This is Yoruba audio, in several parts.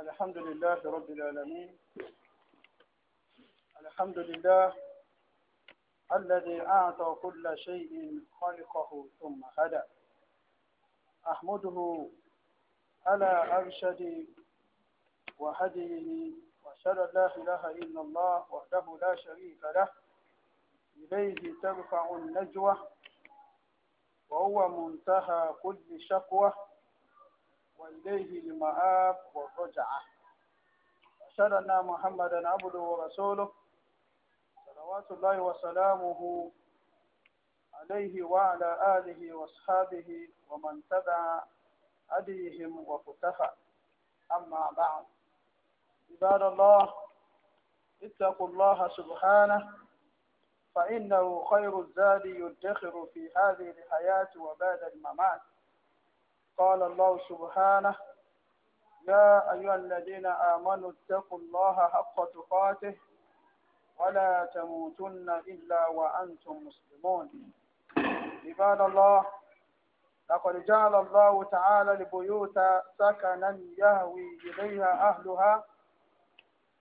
الحمد لله رب العالمين الحمد لله الذي أعطى كل شيء خلقه ثم هدى أحمده على أرشد وهديه وشر الله لا إله إلا الله وحده لا شريك له إليه ترفع النجوى وهو منتهى كل شقوة وإليه المآب والرجعة أشهد أن محمدا عبده ورسوله صلوات الله وسلامه عليه وعلى آله وأصحابه ومن تبع هديهم وكتفى أما بعد عباد الله اتقوا الله سبحانه فإنه خير الزاد يدخر في هذه الحياة وبعد الممات قال الله سبحانه يا أيها الذين آمنوا اتقوا الله حق تقاته ولا تموتن إلا وأنتم مسلمون عباد الله لقد جعل الله تعالى البيوت سكنا يهوي إليها أهلها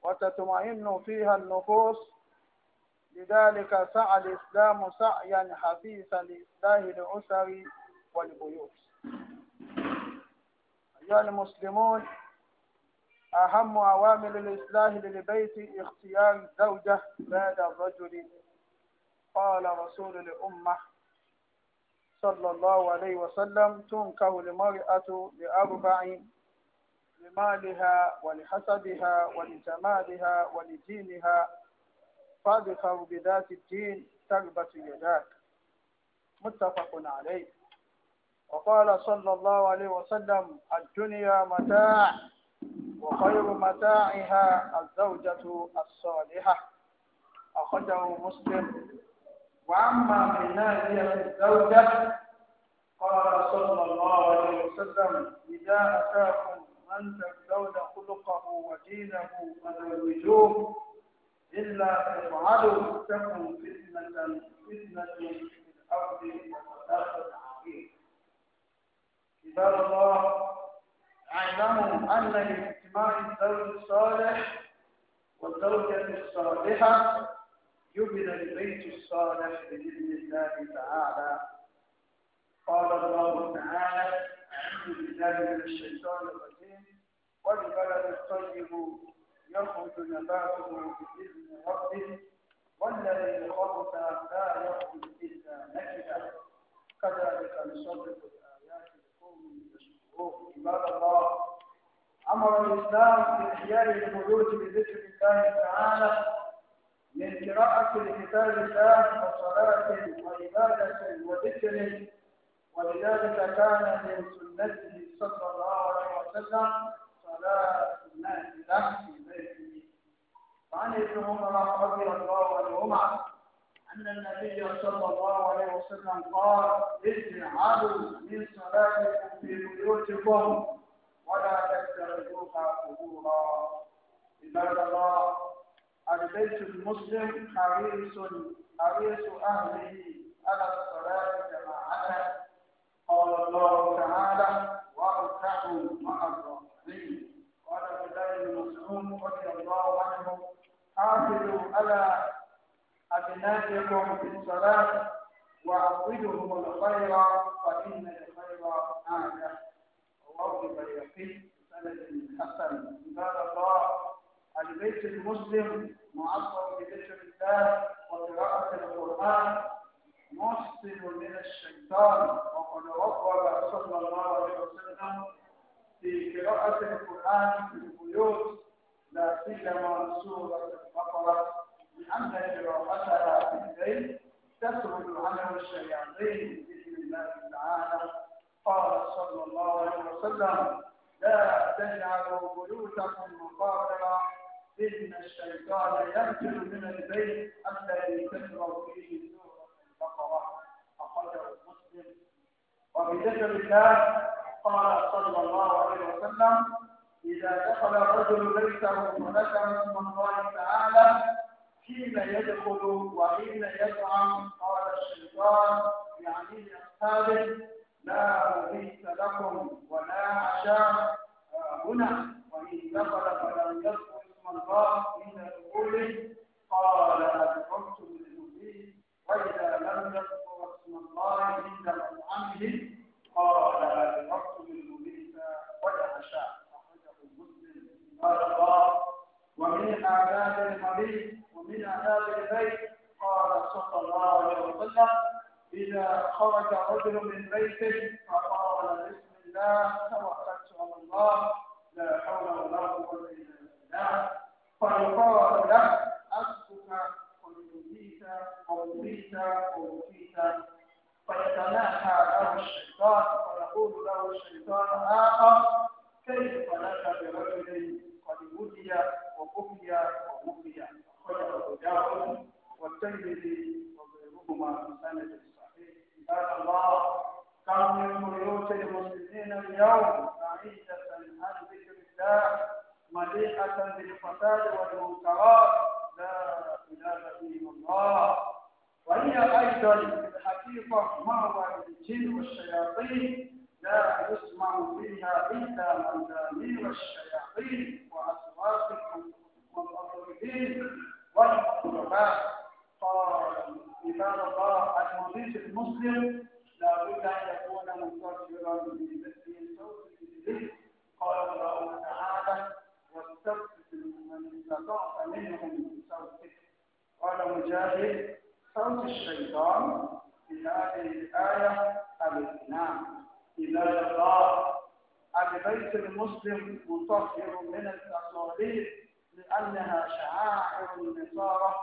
وتطمئن فيها النفوس لذلك سعى الإسلام سعيا حثيثا لإصلاح الأسر والبيوت أيها المسلمون أهم عوامل الإصلاح للبيت اختيار زوجة بعد الرجل قال رسول الأمة صلى الله عليه وسلم تنكه المرأة لأربع لمالها ولحسبها ولجمالها ولدينها فاذكر بذات الدين تربة يداك متفق عليه وقال صلى الله عليه وسلم الدنيا متاع وخير متاعها الزوجة الصالحة أخرجه مسلم وأما من ناحية الزوجة قال صلى الله عليه وسلم إذا أتاكم من تزوج خلقه ودينه فزوجوه إلا تفعلوا تكن فتنة فتنة في الأرض وفساد عباد الله اعلموا أن لاجتماع الزوج الصالح والزوجة الصالحة يبنى البيت الصالح بإذن الله تعالى قال الله تعالى أعوذ بالله من الشيطان الرجيم والبلد الطيب يخرج نباته بإذن ربه والذي خبث لا يخرج إلا نكدا كذلك نصدق عباد الله أمر الإسلام بإحياء الخلود بذكر الله تعالى من قراءة لكتاب الله وصلاة وعبادة وذكر ولذلك كان من سنته صلى الله عليه وسلم صلاة الناس له في بيته وعن ابن عمر رضي الله عنهما أن النبي صلى الله عليه وسلم قال اجعلوا من صلاتكم في بيوتكم ولا تجعلوها قبورا عباد الله البيت المسلم حريص حريص أهله على الصلاة جماعة قال الله تعالى واركعوا مع الراكعين قال بلال بن مسعود رضي الله عنه حافظوا على أبنائكم في الصلاة وعطلهم الخير فإن الخير أعلى رواه البيهقي بسند حسن عباد الله البيت المسلم معصر بذكر الله وقراءة القرآن محسن من الشيطان وقد وقف صلى الله عليه وسلم في قراءة القرآن في البيوت لا سيما سورة البقرة أن جراحتها البيت تسرد عنه الشياطين بإذن الله تعالى قال صلى الله عليه وسلم لا تجعلوا بيوتكم مقابرا إن الشيطان يقتل من البيت الذي تقرأ فيه سورة البقرة أخرجه مسلم وبذكر الله قال صلى الله عليه وسلم إذا دخل الرجل بيته ملكا من الله تعالى حين يدخل وحين يطعم قال الشيطان يعني لأصحابه لا بئس لكم ولا عشاء هنا وإن دخل فلم يذكر اسم الله حين دخوله قال أدركتم للنبي وإذا لم يذكر اسم الله عند مطعمه قال أدركتم ولا عشاء أخرجه مسلم قال الله ومن آداب الحديث من آل البيت قال صلى الله عليه وسلم إذا خرج رجل من بيته فقال بسم الله توكلت على الله لا حول ولا قوة إلا بالله فيقال له حسبك قد أوتيت أوتيت فيتناحى له الشيطان ويقول له الشيطان آخر كيف لك برجل قد ولي وكفي ووفي أخرجه داود والترمذي وغيرهما بسند صحيح عباد الله كم من بيوت المسلمين اليوم بعيدة عن ذكر الله مليئة بالفساد والمنكرات لا إله إلا الله وهي أيضا في الحقيقة مأوى الجن والشياطين لا يسمع فيها إلا مزامير الشياطين وأصوات المطربين وجه العلماء قال إذا الله المضيف المسلم لابد ان يكون مستغفرا بمثل صوته قال الله تعالى واستغفر من استطعت منهم بصوتك قال مجاهد صوت الشيطان في هذه الايه الاقناع إذا الله البيت المسلم مطهر من التصاليح لأنها شعائر النصارى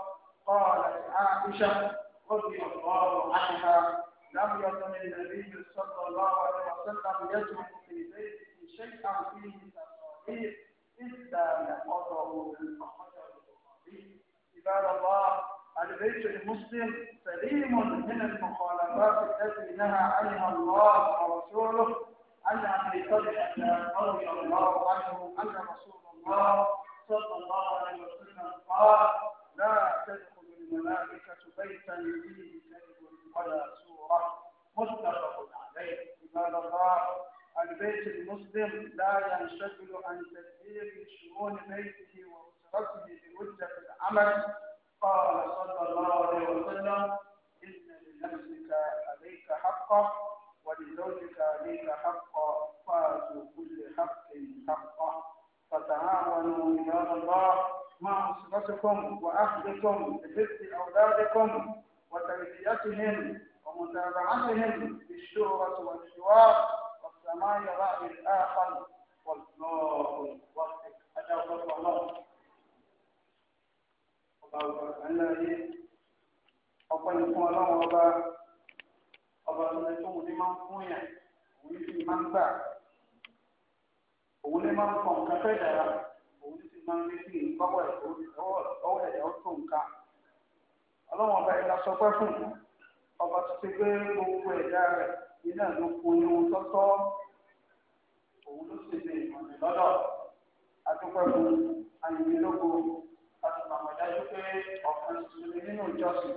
قالت عائشة رضي الله عنها لم يكن النبي صلى الله عليه وسلم يجمع في بيته شيئا فيه تصاريح إلا نقضه من أخرجه البخاري عباد الله البيت المسلم سليم من المخالفات التي نهى عنها الله ورسوله عن أبي طلحة رضي الله عنه أن رسول الله صلى الله عليه وسلم قال لا تدخل الملائكة بيتا فيه كذب ولا سورة متفق عليه عباد الله البيت المسلم لا ينشغل عن تدبير شؤون بيته وأسرته بمدة العمل قال صلى الله عليه وسلم إن لنفسك عليك حقا ولزوجك عليك حقا فاتوا كل حق حقه فتعاونوا يا الله مع أسرتكم وأهلكم بحفظ أولادكم وتربيتهم ومتابعتهم بالشهرة والحوار والسماء رأي الآخر والنور والوقت أجاب الله ọba ẹlẹ́rìí ọpẹ́ ní fún ọlọ́run ọba ọba tó ń tó wù ní máa ń fún yàn òun sì máa ń gbà òun ní máa ń kọ nǹkan fẹ́ dára òun sì máa ń lé sí ìgbọ́wọ́ ọwọ́ ẹ̀dá ó tó nǹkan ọlọ́wọ́n ọba ẹ̀dá sọ pé fún ọba tó ti gbé gbogbo ẹ̀dá rẹ̀ nínú àlọ́ kó ní tọ́tọ́ òun ló sì ìmọ̀lẹ̀ lọ́dọ̀ pé ọ̀kan ṣoṣo nínú ìjọsìn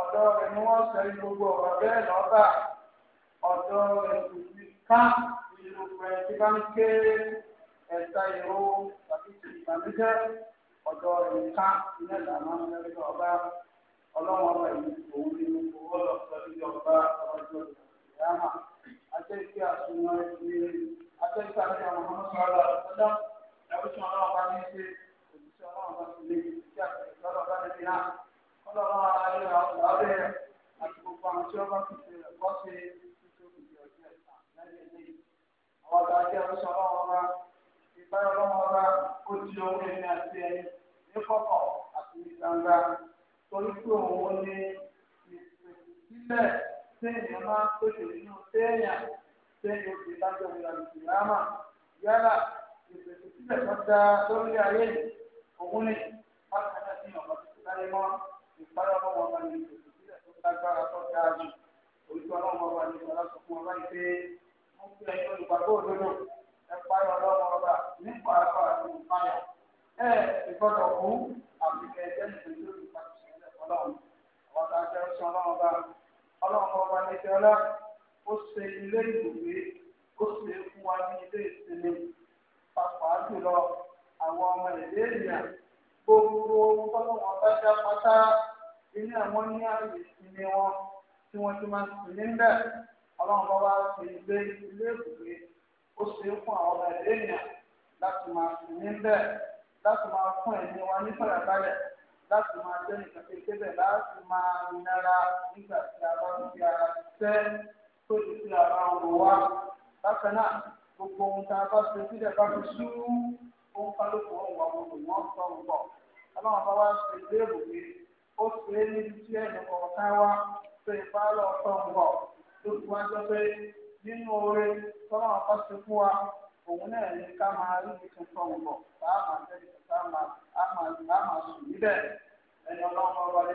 ọ̀dọ́ rẹ̀ ni wọ́n sọ gbogbo ọ̀rọ̀ bẹ́ẹ̀ lọ́ba ọ̀dọ́ rẹ̀ kò sí ká ìlúpẹ̀ tí bá ń ké ẹ̀ta ìró tàbí ìbànújẹ́ ọ̀dọ́ rẹ̀ ká ilé ìdáná lẹ́yìn ọba ọlọ́wọ́n ọba yìí òun ni owó lọ sọ ilé ọba ọjọ́ ìyáma àtẹ̀sí àsùnwọ̀n ìdílé àtẹ̀sí àti ọmọ sọ̀rọ̀ ọ̀dọ́ ẹ̀rọ ọlọ́run ara rẹ̀ ọ̀rẹ́ àti gbogbo àwọn tí wọ́n bá fi ṣe ẹ̀kọ́ ṣe títí òkùnkùn ọjọ́ ìta lẹ́yìn ilé àwọn ọ̀gá jẹ́ ọ̀ṣọ́ ọlọ́run ọba ìgbà ọlọ́run ọba ó di ohun ẹni àti ẹni ní kọ̀kọ̀ àti ní gbangba torí pé òun ní ìpìlẹ̀ téèyàn máa ń pèsè nínú téèyàn ìpáyọ̀mọ́ wọn bá ní ìpèsè tó lágbára tó dáa jù ojú ọlọ́wọ́ wa ní ìṣọ̀lá sọ fún ọlá ìpè wọ́n fi ẹ̀yìn olùgbàgbọ́ òdodo ẹ̀páyọ̀ ọlọ́wọ́ ọba nípa apá àti ìpáyà ẹ̀ ìgbọ́dọ̀ kú àti kẹ̀kẹ́ ìṣèlú ìpàkùsẹ̀ ọlọ́run àwọn tá a jẹ́ ọ̀ṣọ́ ọlọ́wọ́ ọba ọlọ́wọ́ ọba gbogbo ọlọ́wọ́n bá dá pátá ilé àwọn ní àyè ìsinmi wọn tí wọ́n ti máa ń sìn ní bẹ́ẹ̀ ọlọ́run bá wá sí ilé ilé ìwé ó ṣe é fún àwọn ọmọ ẹ̀dẹ́ ènìyàn láti máa sìn ní bẹ́ẹ̀ láti máa fún ẹ̀mí wa ní fàyàbalẹ̀ láti máa jẹ́ nìkan kékeré láti máa nára nígbà tí a bá fi ara tẹ́ tó ti fi ara wò wá bákan náà gbogbo ohun tá a bá ṣe sílẹ̀ bá fi sú ó ń kálukú òun wà gbogbo wọn sọ ń bọ̀ ọlọ́run bá wá ṣe ilé ìbùgbé ó ṣe é níbi tí ẹnì kọ̀ọ̀kan wá ṣe ìbálò sọ ń bọ̀ wá jọ pé nínú oore bá ṣe fún wa òun náà ní ká máa rí ibi ń a máa a máa sùn níbẹ̀ ẹni ọlọ́run wá ṣe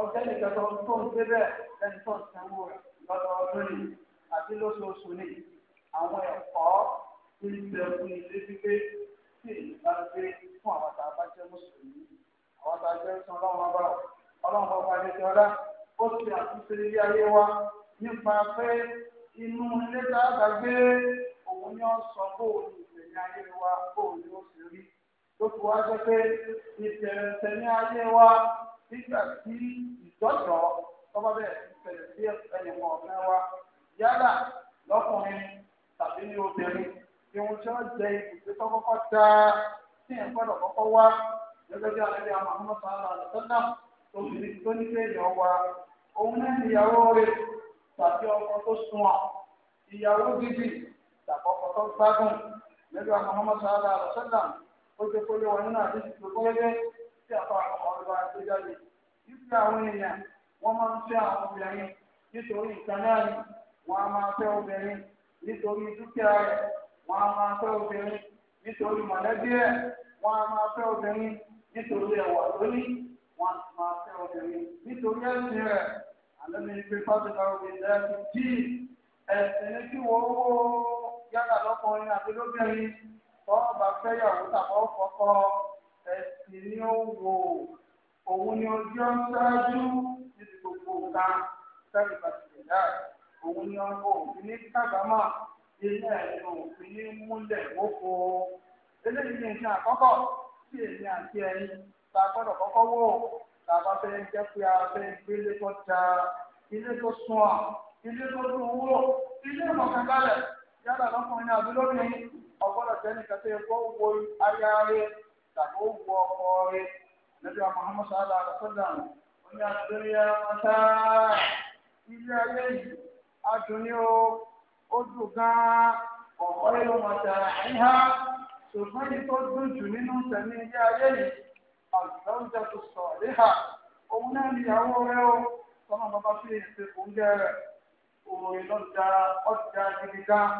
ọjọ́ nìkan tó ń tó ń gbé bẹ́ẹ̀ lẹ́ni tó ń sanwó rẹ̀ lọ́dọọdún ni àti lóṣooṣù ni àwọn ẹ̀kọ́ ti ń bẹ fún ilé gbígbé tí èyí bá gbé fún àwọn tá a bá jẹ́ mùsùlùmí àwọn tá a jẹ́ sọ ọlọ́run ọba ọlọ́run ọba adéjọ́lá ó ti àtúnṣe ilé ayé wa nípa pé inú ilé tá a bá gbé òun ni ó sọ bóun ìgbẹ̀yìn ayé wa bóun ni ó sì rí ló wá jẹ́ pé ìbẹ̀rẹ̀ tẹ̀lé ayé wa nígbà tí ìtọ́jọ́ tọ́ba bẹ́ẹ̀ ṣẹlẹ̀ sí ẹnìkan ọ̀gá wa yálà lọ́kùnrin tàbí ní obìnrin tí wọ́n ti jẹ ibùdó tó kọ́kọ́ dá sí ẹ̀ gbọ́dọ̀ kọ́kọ́ wá gẹ́gẹ́ bí alẹ́ bí a máa ń mọ̀ sáà lọ sọ́dọ̀ obìnrin tó ní kéèyàn wa òun náà ní ìyàwó rẹ̀ tàbí ọkọ tó sunwọ̀n ìyàwó gidi tàbí tó gbádùn lẹ́gbẹ̀ẹ́ Muhammad sallallahu alaihi wasallam ó ti kó wọn nínú àdéhùn tó gbẹ́gbẹ́ tí àbá ọ̀rọ̀ bá gbé jáde nígbà àwọn èèyàn wọ́n máa ń fẹ́ àwọn obìnrin nítorí ìtàn wọ́n á máa fẹ́ obìnrin nítorí dúkìá rẹ̀ wọ́n á máa fẹ́ obìnrin nítorí mọ̀lẹ́bí rẹ̀ wọ́n á máa fẹ́ obìnrin nítorí ẹwà lónìí wọ́n á máa fẹ́ obìnrin nítorí ẹ̀sìn rẹ̀ àlọ́ mi pásítọ̀ ti ẹ̀sìn ní kí wọ́n lọ́kùnrin àti lóbìnrin tọ́ ọba tàbí ẹ̀sìn ni ó wò òun ni ojú ọ̀ ń ṣáájú níbi gbogbo nǹkan sẹ́yìn bàtìlẹ̀ òun ni ọkọ̀ òfin ní kábàámọ̀ ilé òfin ní múlẹ̀ wófo eléyìí ní nǹkan àkọ́kọ́ tí èmi àti ẹ̀yin ta gbọ́dọ̀ kọ́kọ́ wò làbá fẹ́ jẹ́ pé a fẹ́ tó ilé tó sùn ọ̀ ilé tó dùn tàbí ó wọ ọkọ rẹ lẹ́bí ọmọ ọmọọṣọ aláàdọ́sọ́dà ó ní àtúnyẹ ọ̀tá ilé ayé yìí adùnní o ó dùn gan-an ọ̀pọ̀ yóò máa tẹ̀ ẹ̀yà ṣùgbọ́n yìí tó dùn jù nínú sẹ̀mí ilé ayé yìí àlùfáàjọ tó sọ̀ ríhà òun náà níyàwó rẹ o sọ́nà bàbá fi èsè oúnjẹ rẹ̀ òòrùn lọ́jà ọjà gidigan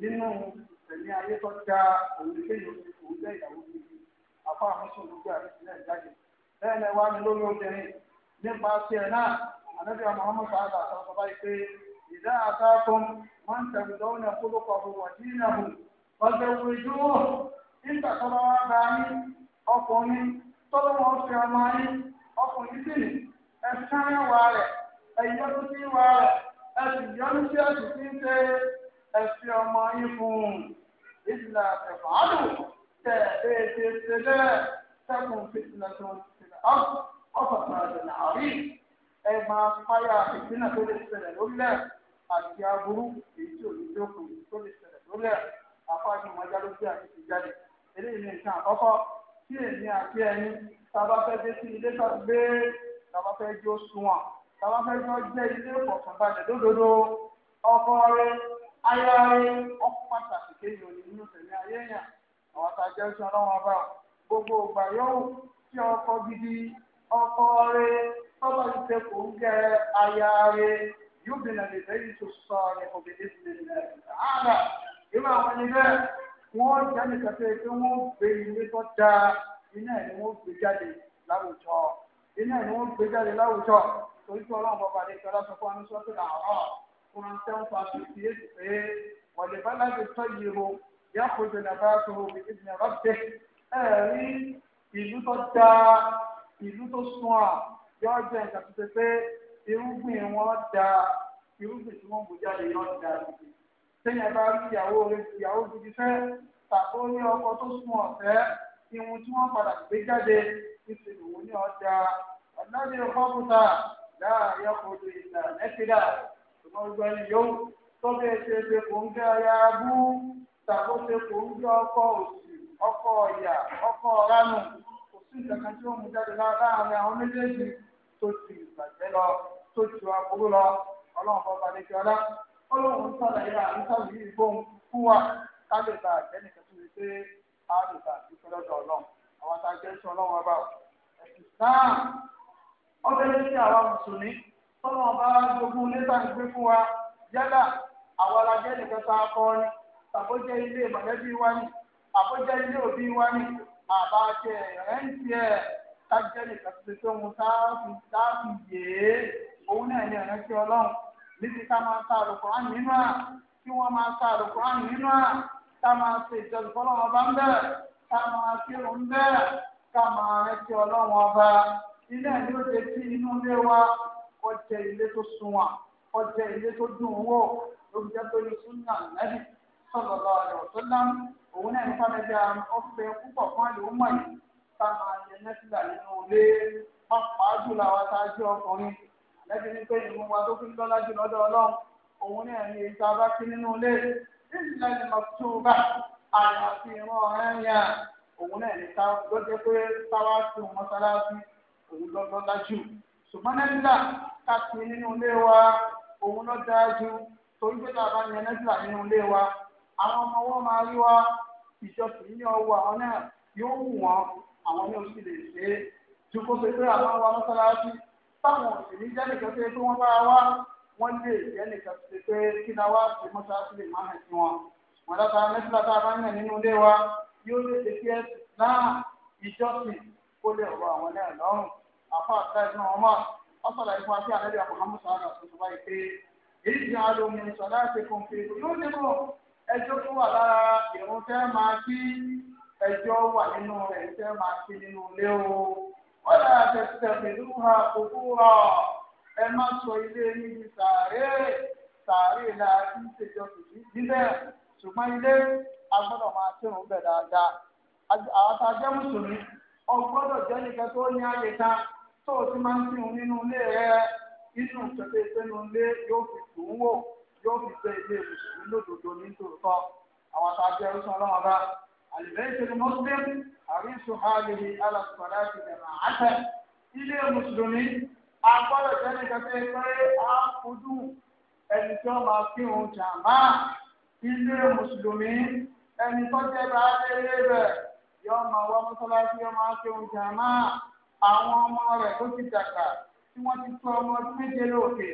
nínú sẹ̀mí ayé tó já òun kéèyàn oúnjẹ ìyàwó gidi àpá àmì sòlù gbé àmì sílẹ̀ jáde bẹ́ẹ̀ ni wàá ní lórí obìnrin nípa sí ẹ̀ náà ànábì Muhammad sàádà sọ báyìí pé ìdá àtàkùn máa ń tẹ̀lé dọ́wọ́ ní ọkọlọ́kọ̀ àbúwọ̀ tí ì nàbù ọ̀sẹ̀ òwúrẹ́jú wò nígbà tọ́lọ́ wá bá ọkùnrin tọ́lọ́ wọn fi ọmọ yín ọkùnrin sì ní ẹ̀sán ẹ̀wà rẹ̀ ẹ̀yọ́dú sí rẹ̀ ẹ̀sìn yọ́dú ẹ̀sìn tí ń ṣe ẹ̀sìn ọmọ yín fún ìdílé àtẹ̀fọ́ تأتي السلام تكون فتنة في الأرض وفساد عظيم أي ما صيا فتنة للسنة الأولى أتيابه يجوز يجوز كل السنة الأولى أفاد مجال فيها في الجنة إليه من كان فقط tí èmi àti ẹni tábà fẹ́ dé sí ilé tó gbé tábà fẹ́ jó sunwọ̀n tábà fẹ́ jọ jẹ́ ilé ìfọ̀kànbalẹ̀ lódodo ọkọ rẹ aya rẹ ọkọ pàtàkì kéèyàn nínú tẹ̀lé ayé yàn àwọn àtàjẹ́ oṣù ọlọ́wọ́n bá gbogbo ìgbà yóò tí ọkọ gidi ọkọ rẹ tọ́lá ti ṣe kò ń gẹ aya rẹ yóò bìnà lè lẹ́yìn tó sọ ní obìnrin ti lè lẹ́ ààrà irú àwọn ẹni wọ́n jẹ́ nìkan tó pé wọ́n gbé ilé tó dáa iná ẹ̀ ni wọ́n gbé jáde láwùjọ iná ẹ̀ ni wọ́n gbé jáde láwùjọ torí pé ọlọ́run bàbá àdéhùn ọlá sọ fún wa ní sọ́kùnrin àwọn ọ̀rọ̀ fún wa ń tẹ́ ń fa fífi èsì yàkùnjẹ nàbà tó omi ìdí nàbà tẹ ẹ rí ìlú tó dáa ìlú tó sún à yọ jẹ nǹkan tó ṣe pé irúgbìn wọn dáa irúgbìn tí wọn bù jáde yọ dáa gidi sẹ́yìn bá rí ìyàwó rẹ ìyàwó gidi fẹ́ tàbí ó ní ọkọ tó sún ọ̀fẹ́ ìwọn tí wọn padà gbé jáde níṣẹ́ ìwò ní ọjà ọ̀nàdì ọ̀kọ́kùtà láàárín ọkùnrin ìlànà ẹ̀kídà ṣùgbọ́n gbẹ́ni yóò tó bẹ́ẹ̀ ṣe ṣe kò ń gẹ́ ṣàkóso ń ọkọ ọkọ̀ òsì ọkọ ọ̀yà ọkọ̀ kò sí ìkankan tí ó mú jáde láàárín àwọn méjèèjì tó ti ìbàjẹ́ lọ tó ti lọ ọlọ́run bọ́ba ní kí ọlá ọlọ́run ń sàlàyé àrísàlù yìí fún wa pé bá àbójẹ́ ilé mọ̀lẹ́bí wa ni àbójẹ́ ilé òbí wa ni àbá jẹ rẹ́ǹtì ẹ̀ kájẹ́ nìkan tuntun tó mu sáàfì sáàfì yèé òun náà ní ẹ̀rẹ́ntì ọlọ́run níbi ká máa ta àlùkùránì nínú à kí wọ́n máa ta àlùkùránì nínú à ká máa ṣe ìjọsìn fọlọ́run ọba ń bẹ̀rẹ̀ ká máa kírun ń bẹ̀rẹ̀ ká máa rẹ́ǹtì ọlọ́run ọba ilé ẹ̀ ló ṣe sí inú ilé wa ọjẹ́ ilé tó sunwọ̀n ọjẹ́ ilé tó dùn wò lóbi jẹ́ pé ní súnà nẹ́bí sọ̀rọ̀ lọ rẹ̀ ọ̀tọ́ lám òun náà nípa mẹ́ta ọ̀fẹ́ púpọ̀ fún àlùmọ̀ yìí ká máa yẹ nẹ́tìlá nínú ilé pàápàá jùlọ àwọn aṣáájú ọkùnrin lẹ́bi ní pé ìmú wa tó fi ń lọ́lá jù lọ́dọ̀ ọlọ́run òun náà ní ìta bá sí nínú ilé ìsìlẹ̀ ní mọ̀túbà àyàfi ìran ọ̀rẹ́ yẹn òun náà ní ká gbọ́dọ̀ pé sáwá sí mọ́sálásí òun lọ́dọ̀ lájú ṣùgbọ́n nẹ́tìlá ká nínú ilé wa òun lọ́ dáa ju torí pé tá a bá yẹ nẹ́tìlá nínú ilé wa àwọn ọmọ wọn máa rí wa ìjọsìn ní ọwọ́ àwọn náà yóò wù wọn àwọn ní oṣù lè ṣe é ju kó ṣe pé àwọn wa mọ́sálásí táwọn òsì ní jẹ́ nìkan ṣe pé wọ́n bá wá wọ́n lè jẹ́ nìkan ṣe pé kí la wá ṣe mọ́sálásí lè má hàn sí wọn. wọn dáta mẹ́sílá tá a bá ń yàn nínú ilé wa yóò lè ṣe kí ẹ náà ìjọsìn kó lè rọ àwọn náà lọ́rùn àfa àtàlẹ́ náà wọ́n mọ̀ wọ́n sọ̀rọ̀ ìfún àti àlẹ́ ẹjọ́ tó wà lára ìrún tẹ́ máa kí ẹjọ́ wà nínú rẹ̀ tẹ́ máa kí nínú ilé o wọ́n dára tẹ̀sítẹ̀ pẹ̀lú ha rọ̀ ẹ má sọ ilé níbi sàárè sàárè kí n ṣèjọ tòbí ṣùgbọ́n ilé bẹ̀ dáadáa àwọn mùsùlùmí ọgbọ́dọ̀ jẹ́ nìkan tó ní tó o ti máa ń yóò fi gbé ilé mùsùlùmí lódodo ní tòótọ́ àwọn àtàjẹ ẹrúsàn ọlọ́wọ́n bá àlùbẹ́sẹ̀ ni mọ́sílẹ́m àríṣù hàlìhì alàkùnrin àti ìdẹ̀mà àṣẹ ilé mùsùlùmí agbọ́dọ̀ tẹ́lẹ̀ kẹfẹ́ pé a fojú ẹni tí wọ́n máa fi hùn jàmbá ilé mùsùlùmí ẹni tó jẹ́ bá délé rẹ̀ yọ máa wá mọ́sálásí yọ máa fi hùn jàmbá àwọn ọmọ rẹ̀ tó ti dàgbà tí wọ́n ti tó ọmọ méje lókè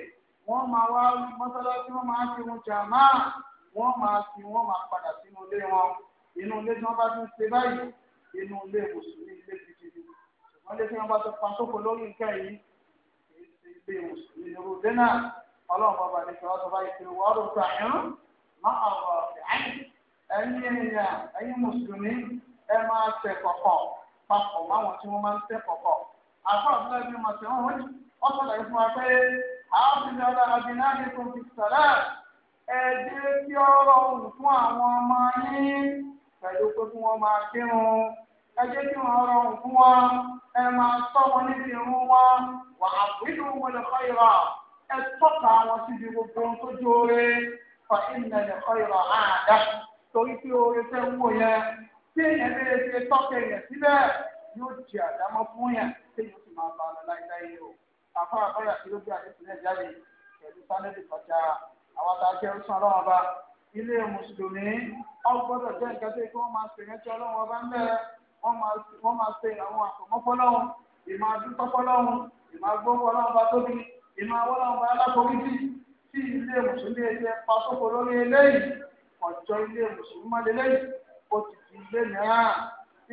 wọ́n máa wá mọ́sálásí wọ́n máa ń fi wọn jàmá wọ́n máa fi wọ́n máa padà sínú ilé wọn inú ilé tí wọ́n bá ti ń ṣe báyìí inú ilé mùsùlùmí ilé gidi ni ṣùgbọ́n tí wọ́n bá ti pa sóko lórí nǹkan yìí kì ṣe ilé mùsùlùmí nírú ilé náà ọlọ́run bàbá ní sọ̀rọ̀ sọ báyìí pé wọ́n rò ẹ̀rún má ọ̀rọ̀ ẹ̀yìn ẹ̀yìn mùsùlùmí ẹ máa tẹ̀ kọ̀kọ̀ papọ̀ máwọn tí wọ́n máa ń tẹ̀ kọ̀kọ̀ àfọ̀ àbúlé ààbùn ọ̀la àbínáàdìkùn fi sàlá ẹ̀ẹ́dẹ́ kí ọ̀rọ̀ òun fún àwọn ọmọ yín pẹ̀lú pé kí wọ́n máa kírun ẹjẹ́ kí wọ́n rọrùn fún wọn ẹ máa tọ́ wọn níbi irun wọn wà á fún ìlú wọn lè kọ́ ìrà ẹ tọ́ka wọn síbi gbogbo ohun tó jó ore ìnà lè kọ́ ìrà àdá torí pé oore fẹ́ ń yẹn tí èèyàn lè ṣe tọ́kẹ̀ síbẹ̀ yóò jẹ àdámọ́ fún yẹn tí yóò àfa àbáyà tí ló gbé àdéhùn náà jáde pẹ̀lú sálẹ́dì kọjá àwọn àtàjẹ́ ń sàn ọlọ́run ọba ilé mùsùlùmí ọgbọ́dọ̀ jẹ́ nǹkan tó yẹ kí wọ́n máa ṣe ìrántí ọlọ́run ọba ń bẹ́ẹ̀ wọ́n máa ṣe àwọn àkọ́mọ́fọ́lọ́run ìmọ̀ àdúgbọ́fọ́lọ́run ìmọ̀ agbófọ́lọ́run ọba tóbi ìmọ̀ awọ́lọ́run ọba alákòókìtì tí ilé mùsùlùmí ẹgbẹ́ pa sóko lórí eléyìí ọjọ́ ilé mùsùlùmí máa lélẹ́yìí ó ti ti ilé mìíràn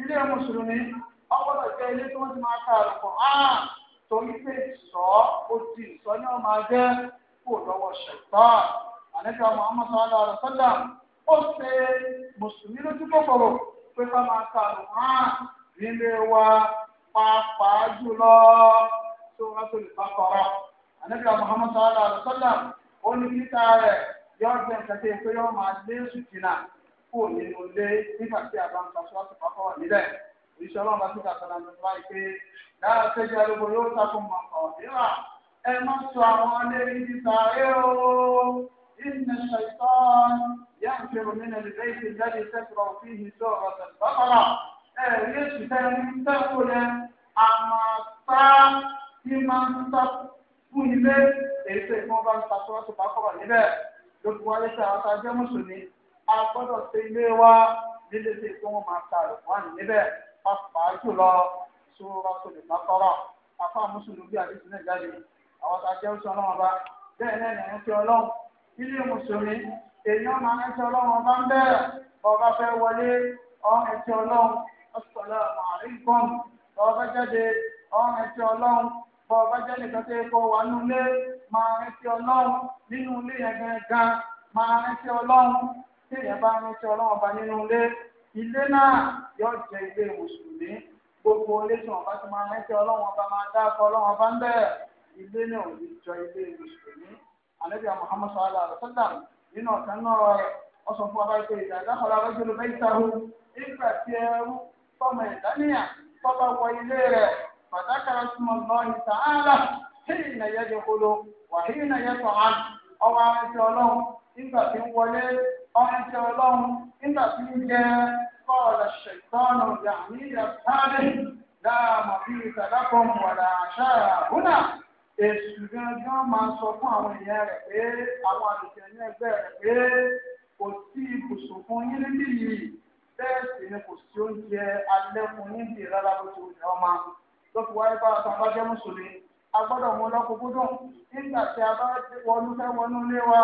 ilé mùsùlùmí ọgbọ́dọ̀ jẹ́ ilé tí wọ́n ti máa ká àlùkò áà torí pé ìsọ́ ó ti ìsọ́ ní ọmọ ajẹ́ kò lọ́wọ́ ṣẹ̀tàn àlẹ́fẹ́ ọmọ ọmọọmọ aláàrọ̀ sọ́dà ó ṣe mùsùlùmí lójú kòkòrò pé ká máa ta àlùmọ́ràn nílé wa pàápàá jùlọ tó wá tó lè bá kọ̀rọ̀ àlẹ́fẹ́ ọmọ ọmọọmọ aláàrọ̀ sọ́dà ó ní kíta rẹ̀ yọ ọgbẹ́ nǹkan tí pé yọ máa lé sùtìnà kò nínú ilé nígbà tí àbá ń ta sọ́ọ̀tì pápá wà nílẹ̀ ìṣọ́ ọlọ́run bá tẹ̀sán sọ́dá ní wáyé pé láàrín ṣẹ́jú arúgbó yóò sákò mọ̀ ọ̀dẹ́wà ẹ má sọ àwọn ọlẹ́rìí títa ẹ o ìnà ṣàìtàn yá ń fi rùmí nà lùbẹ́ ìṣe jáde sẹ́kọ̀rọ̀ fi hì sọ ọ̀sẹ̀ bàbàrà ẹ rí èsì tẹ́lẹ̀ ń tẹ́kù àmà tá kí máa ń sá fún ilé èso ìfọ́n bá ń ta tó bá kọ̀rọ̀ pàápàá jùlọ sóró sódì pápọ́rọ̀ apá mùsùlùmí àdìsí náà jáde àwọn tá a jẹ́ oṣù ọlọ́wọ́n bá bẹ́ẹ̀ náà nìyẹn ti ọlọ́wọ́ ilé mùsùlùmí èèyàn máa ń ti ọlọ́wọ́n bá ń bẹ̀rẹ̀ ọba fẹ́ wọlé ọ̀hún ẹ̀tí ọlọ́wọ́n ọ̀sọ̀lá àríkọ́m ọba jáde ọ̀hún ẹ̀tí ọlọ́wọ́n ọba jáde kẹtẹ́ epo wà nínú ilé máa ń ti ọlọ́wọ́n nínú ilé yẹn gan-an máa ń ti ọlọ́wọ́n tí èèyàn bá ń ti ọlọ́wọ́n bá nínú ilé ilé náà yóò jẹ́ ilé mùsùlùmí gbogbo ilé tí wọ́n bá ti máa rántí ọlọ́wọ́n bá máa dáàkọ́ ọlọ́wọ́n bá ń bẹ̀rẹ̀ ilé náà ò ní jọ ilé mùsùlùmí àlejò Muhammad sallallahu alaihi wasallam nínú ọ̀kan náà ọ sọ fún abáyé pé ìdàgbà kọlá bá jẹun bẹ́ẹ̀ ta hu tí ẹrú tọmọ ìdáníyà tọba wọ ilé rẹ̀ pàtàkàrà súnmọ́ lọ ìtàhálà tí ìnàyẹ dẹkọlọ wàhíìnàyẹ tọ̀ ọmọ ìṣẹ́ ọlọ́run nígbà tí ń jẹ kọ́ọ̀lá ṣẹ̀tọ́nù yàmí yàtàdé dáàmà bí ìsàdákan wàdà àṣà àbúnà èsù gangan máa sọ fún àwọn èèyàn rẹ̀ pé àwọn àlùjẹ ní ẹgbẹ́ rẹ̀ pé kò sí ibùsùn fún yín níbí yìí bẹ́ẹ̀ sì ni kò sí oúnjẹ alẹ́ fún yín bí rárá bó ti wùdí ọmọ tó fi wáyé bá ọ̀sán bá jẹ́ mùsùlùmí a gbọ́dọ̀ mú ọlọ́kùnkúndùn nígbà tí a bá wọnú fẹ́ wọnú ilé wa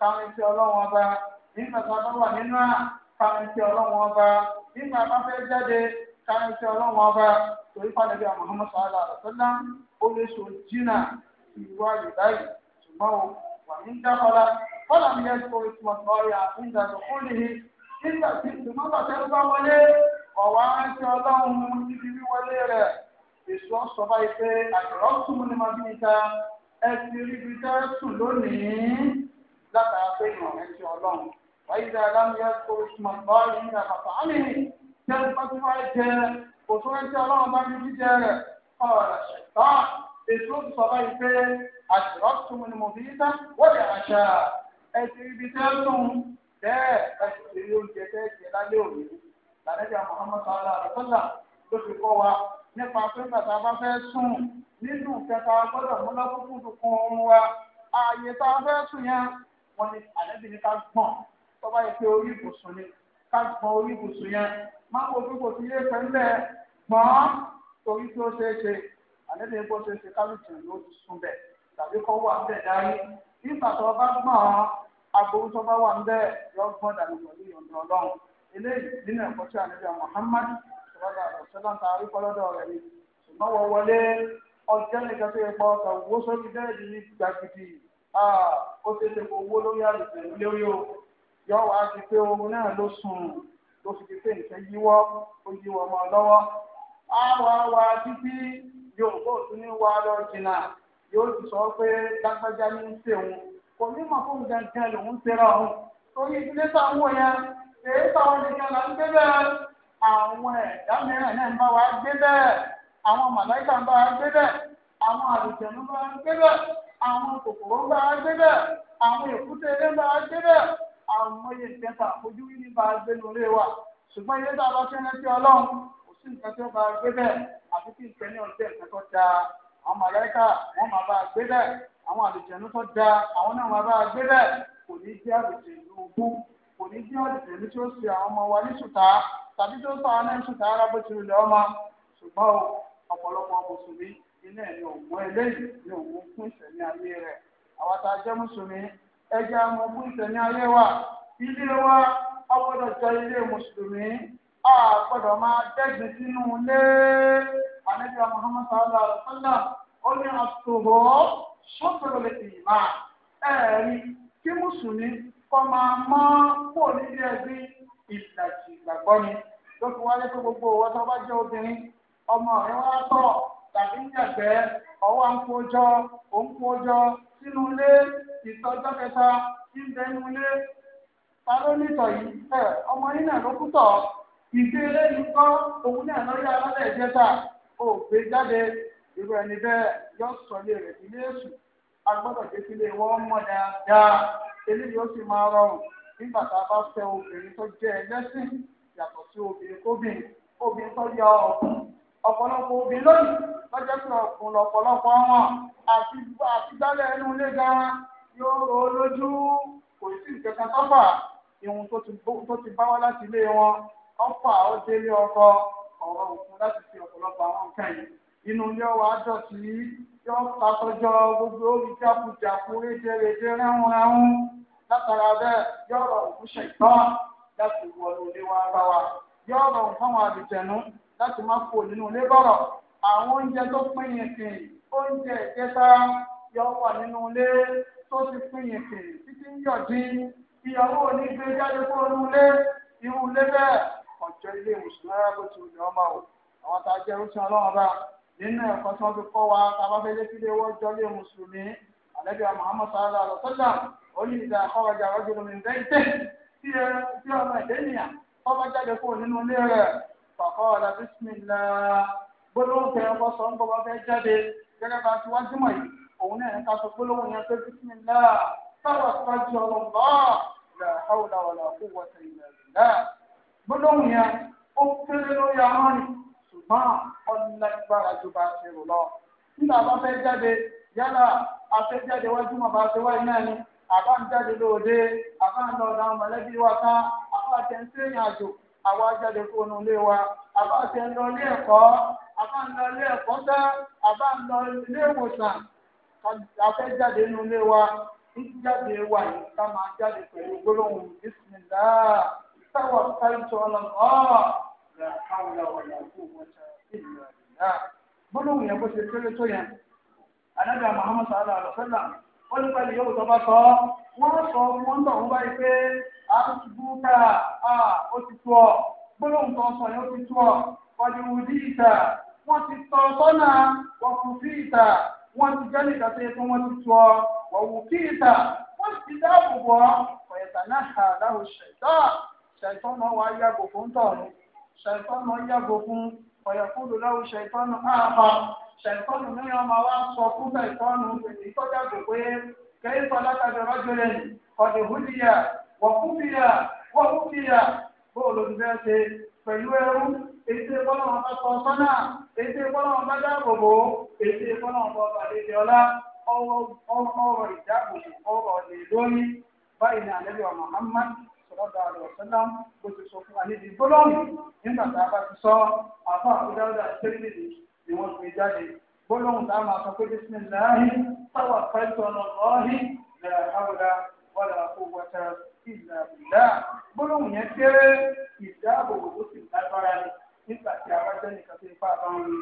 káwọn iṣẹ́ ọlọ́run ọba nígbà tá a bá wà nínú à kárìntì ọba nígbà tá a fẹ́ jáde kárìntì ọlọ́run ọba torí fàlẹ́bí Muhammad sallallahu alaihi wasallam ó lè so jìnnà ìwà ṣùgbọ́n o wà ní dákọ́lá kọ́lá mi yẹ kó ìtumọ̀ sọ́ọ́yà nígbà tí ìtumọ̀ bàtẹ́ bá wọlé ọ̀wá níbi wíwọlé rẹ̀ èso báyìí pé فإذا لم يذكر اسم الله عند مطعمه تلقت وجهه وتوجه الله من بجاره قال الشيطان اسلوب صبيته أشرفتم المبيت والعشاء أتبتلتم تأسرون جتاك إلى اليوم لنجا محمد صلى الله عليه وسلم بقوة nípa pé bàtà bá fẹ́ sùn nínú kẹta gbọ́dọ̀ mú lọ́kùnkùn tó kún un tọ́ba yìí pé orí ibùsùn ni ká gbọ́n orí ibùsùn yẹn má kó tó kò sí yéé pẹ́ńbẹ́ gbọ́n torí tí ó ṣeé ṣe àlejò yẹn bó ṣe ṣe kálùtì ló ti sùn bẹ̀ tàbí kọ́ wà ń bẹ̀ dárí nígbà tó bá gbọ́n aburú tó bá wà ń bẹ̀ yọ gbọ́n dàbí pẹ̀lú ìyọ̀ǹda ọlọ́run eléyìí nínú ẹ̀kọ́ tí yọ wá sí pé oorun náà ló sùn ló fi pé a yíwọ́ ó yíwọ́ ọmọ lọ́wọ́ á wá wá títí yorùbá òtún ní lọ jìnnà yóò ti sọ pé lágbájá ní ń ṣe òun kò ní mọ̀ fóun gangan ṣera òun torí yẹn èyí nìkan là ń gbé bẹ́ẹ̀ àwọn ẹ̀dá mìíràn náà ń bá wa gbé bẹ́ẹ̀ àwọn màláìkà ń bá wa gbé bẹ́ẹ̀ àwọn àlùjẹ̀nu àmọye ìtẹ́ta àfojúrí ní bá a gbé lórí wa ṣùgbọ́n ilé tá a bá tẹ́lẹ̀ sí ọlọ́run kò sí nǹkan tí ó bá a gbé bẹ́ẹ̀ àti kí nǹkan ní ọ̀jẹ́ nǹkan tó da àwọn màláìka wọ́n máa bá a gbé bẹ́ẹ̀ àwọn àlùjẹ̀nu tó da àwọn náà máa bá a gbé bẹ́ẹ̀ kò ní jẹ́ àlùjẹ̀nu ogún kò ní jẹ́ àlùjẹ̀nu tí ó ṣe àwọn ọmọ wa ní ṣùtá tàbí tí ó sọ àwọn ẹni ṣùtá ara bó ti rìn lọ́mọ ṣùgbọ́n ọ̀pọ̀lọpọ̀ mùsùlùmí iná ẹ̀ ní òun eléyìí ní òun fún ìṣẹ̀mí ayé rẹ̀ ẹja mọ fún ìtẹ̀ní ayé wa ilé wa a gbọ́dọ̀ jẹ́ ilé mùsùlùmí a gbọ́dọ̀ máa dẹ́gbin sínú ilé àlejò Muhammad sallallahu alaihi wa sallam ó ní àtòwò sọ́tòrò lè tì má ẹ̀rí kí mùsùlùmí kọ́ máa mọ́ pò níbi ẹbí ìlàjì ìgbàgbọ́ ni ló fi wáyé pé gbogbo òwò tó bá jẹ́ obìnrin ọmọ rẹ̀ wá tọ̀ tàbí ń yàgbẹ́ ọwọ́ à ń kó jọ òun kó jọ sínú ilé ìtọ́jọ́ kẹta ń bẹ ń wulé ta ló nítọ̀ yìí ẹ ọmọ yín náà ló kú tọ̀ ìgbé eléyìí kọ́ òun náà lọ́yà alálẹ̀ ìjẹta ò gbé jáde irú ẹni bẹ́ẹ̀ yọ sọ̀lé rẹ̀ ilé èṣù agbọ́dọ̀ dé sílé wọ́n mọ̀ dáadáa eléyìí ó sì máa rọrùn nígbà tá a bá fẹ́ obìnrin tó jẹ́ ẹlẹ́sìn yàtọ̀ sí obìnrin kóbìnrin obìnrin tó yọ ọ̀kùn ọ̀pọ̀lọpọ̀ obìnrin lónìí lọ́jọ́ sí ọ̀kùn lọ́pọ̀lọpọ̀ wọn àti àti dálẹ̀ ẹnu ilé gan-an yóò rọ lójú kò sí ìkẹta tọ́fà ìhun tó ti bá wá láti ilé wọn ọ̀fà ó délé ọkọ ọ̀rọ̀ òkun láti fi ọ̀pọ̀lọpọ̀ àwọn nǹkan yìí inú ilé ọwọ́ àdọ̀tí yọ pàtọ́jọ gbogbo olùjákujàku rédèrèdè rẹ́hùn rẹ́hùn látara bẹ́ẹ̀ yọ ọ̀rọ̀ òkun ṣẹ̀tàn láti wọlé ilé wa bá wa yọ ọ̀rọ̀ òkun fáwọn àlùjẹ̀nu láti má kú nínú ilé bọ̀rọ̀ àwọn oúnjẹ tó pín yẹn kì oúnjẹ ìjẹta yọ wà nínú ilé tó ti pín yèké títí ń yọ̀ dín ìyàwó onígbé jáde fún olúlé irú ilé bẹ́ẹ̀ ọjọ́ ilé mùsùlùmí rárá bó ti wù ní ọmọ o àwọn tá a jẹ́ rúṣin ọlọ́run bá nínú ẹ̀kọ́ tí wọ́n fi kọ́ wa tá a bá fẹ́ lé sílé wọ́jọ́ ilé mùsùlùmí àlẹ́bíà Muhammad sallallahu alaihi wasallam ó ìdá àkọ́wájà rọ́jò lómi ǹdẹ́ ìtẹ́ tí bá fẹ́ ti wá jùmọ̀ yìí òun náà ń ká sọ gbólóhùn yẹn pé bismillah sábà síwájú ọlọ́mọ la hawla wala quwwata illa billah gbólóhùn yẹn ó kéré lórí ahọ́n ni ṣùgbọ́n ọ̀nàgbára ju bá ṣe rò lọ. nígbà bá fẹ́ jáde yálà afẹ́jáde wájú mọ̀ bá ṣe wáyé náà ni àbá ń jáde lóde àbá ń lọ ọ̀dà mọ̀lẹ́bí wa tán àbá tẹ̀ ń sẹ́yìn àjò àwa jáde fóònù ilé wa àbá tẹ̀ ń lọ ilé ẹ̀kọ́ àbá ń lọ ilé ẹ̀kọ́ tán àbá ń lọ ilé ìwòsàn la fẹ́ jáde nínú ilé wa jíjáde wa yìí ká máa jáde pẹ̀lú gbólóhùn bísímìlá ìtawà káyọ̀tọ̀ ọlọ́ọ̀ là áwùlà wàlà kó wọ́n ṣe ìlú àdìyà. gbólóhùn yẹn bó ṣe kéré tó yẹn anábìà Muhammad sallallahu alaihi wa sallam ó ní pẹ̀lú yóò tọ́ bá sọ wọ́n sọ wọ́n tọ̀ wọ́n báyìí pé a ti bú ká a ó ti tó ọ gbólóhùn tó sọ yẹn ó ti tó ọ ti wù dí ìta wọ́n ti tọ́ sọ́nà wọ́n kù sí ìta wọ́n ti jẹ́ nìkan tó yẹ kí wọ́n ti tu ọ wọ̀wù kíìtà wọ́n ti dáàbò bọ̀ ọ́ ọ̀yẹ̀tà náà hà láhùn ṣẹ̀tọ́ ṣẹ̀tọ́ náà wàá yàgò fún tọ̀run ṣẹ̀tọ́ náà yàgò fún ọ̀yẹ̀kúndùn láhùn ṣẹ̀tọ́ náà àpá ṣẹ̀tọ́ nù mí ọmọ wa sọ fún ṣẹ̀tọ́ nù ìtọ́jà tó pé kẹ́yìn sọ látàdé rọ́jòlẹ̀ ọ̀dẹ̀húdìyà wọ̀kúndìyà wọ̀kúndìyà bóòlù ti fẹ́ ètè ìfọlọ́wọn bá kọ sọ́nà ètè ìfọlọ́wọn bá dáàbòbò ètè ìfọlọ́wọn bá bàdé di ọlá ọ̀rọ̀ ìdáàbòbò ọ̀rọ̀ lè lórí báyìí ní àlejò Muhammad sọlọ́dọ̀ àlọ́ sọ́nà bó ti sọ fún wa níbi gbólóhùn nígbà tá a bá ti sọ àfọ àkúdáwọ́dà tẹ́lifíṣì ni wọ́n fi jáde gbólóhùn tá a máa sọ pé bísímìláhì sáwà pẹ́ẹ́tọ́ ọlọ́ọ̀hì lẹ́yàwọ́dà wọ́lá quwwata illa billah gbólóhùn yẹn kéré nígbà tí abájẹ́ nìkan tó ipá bá ń rìn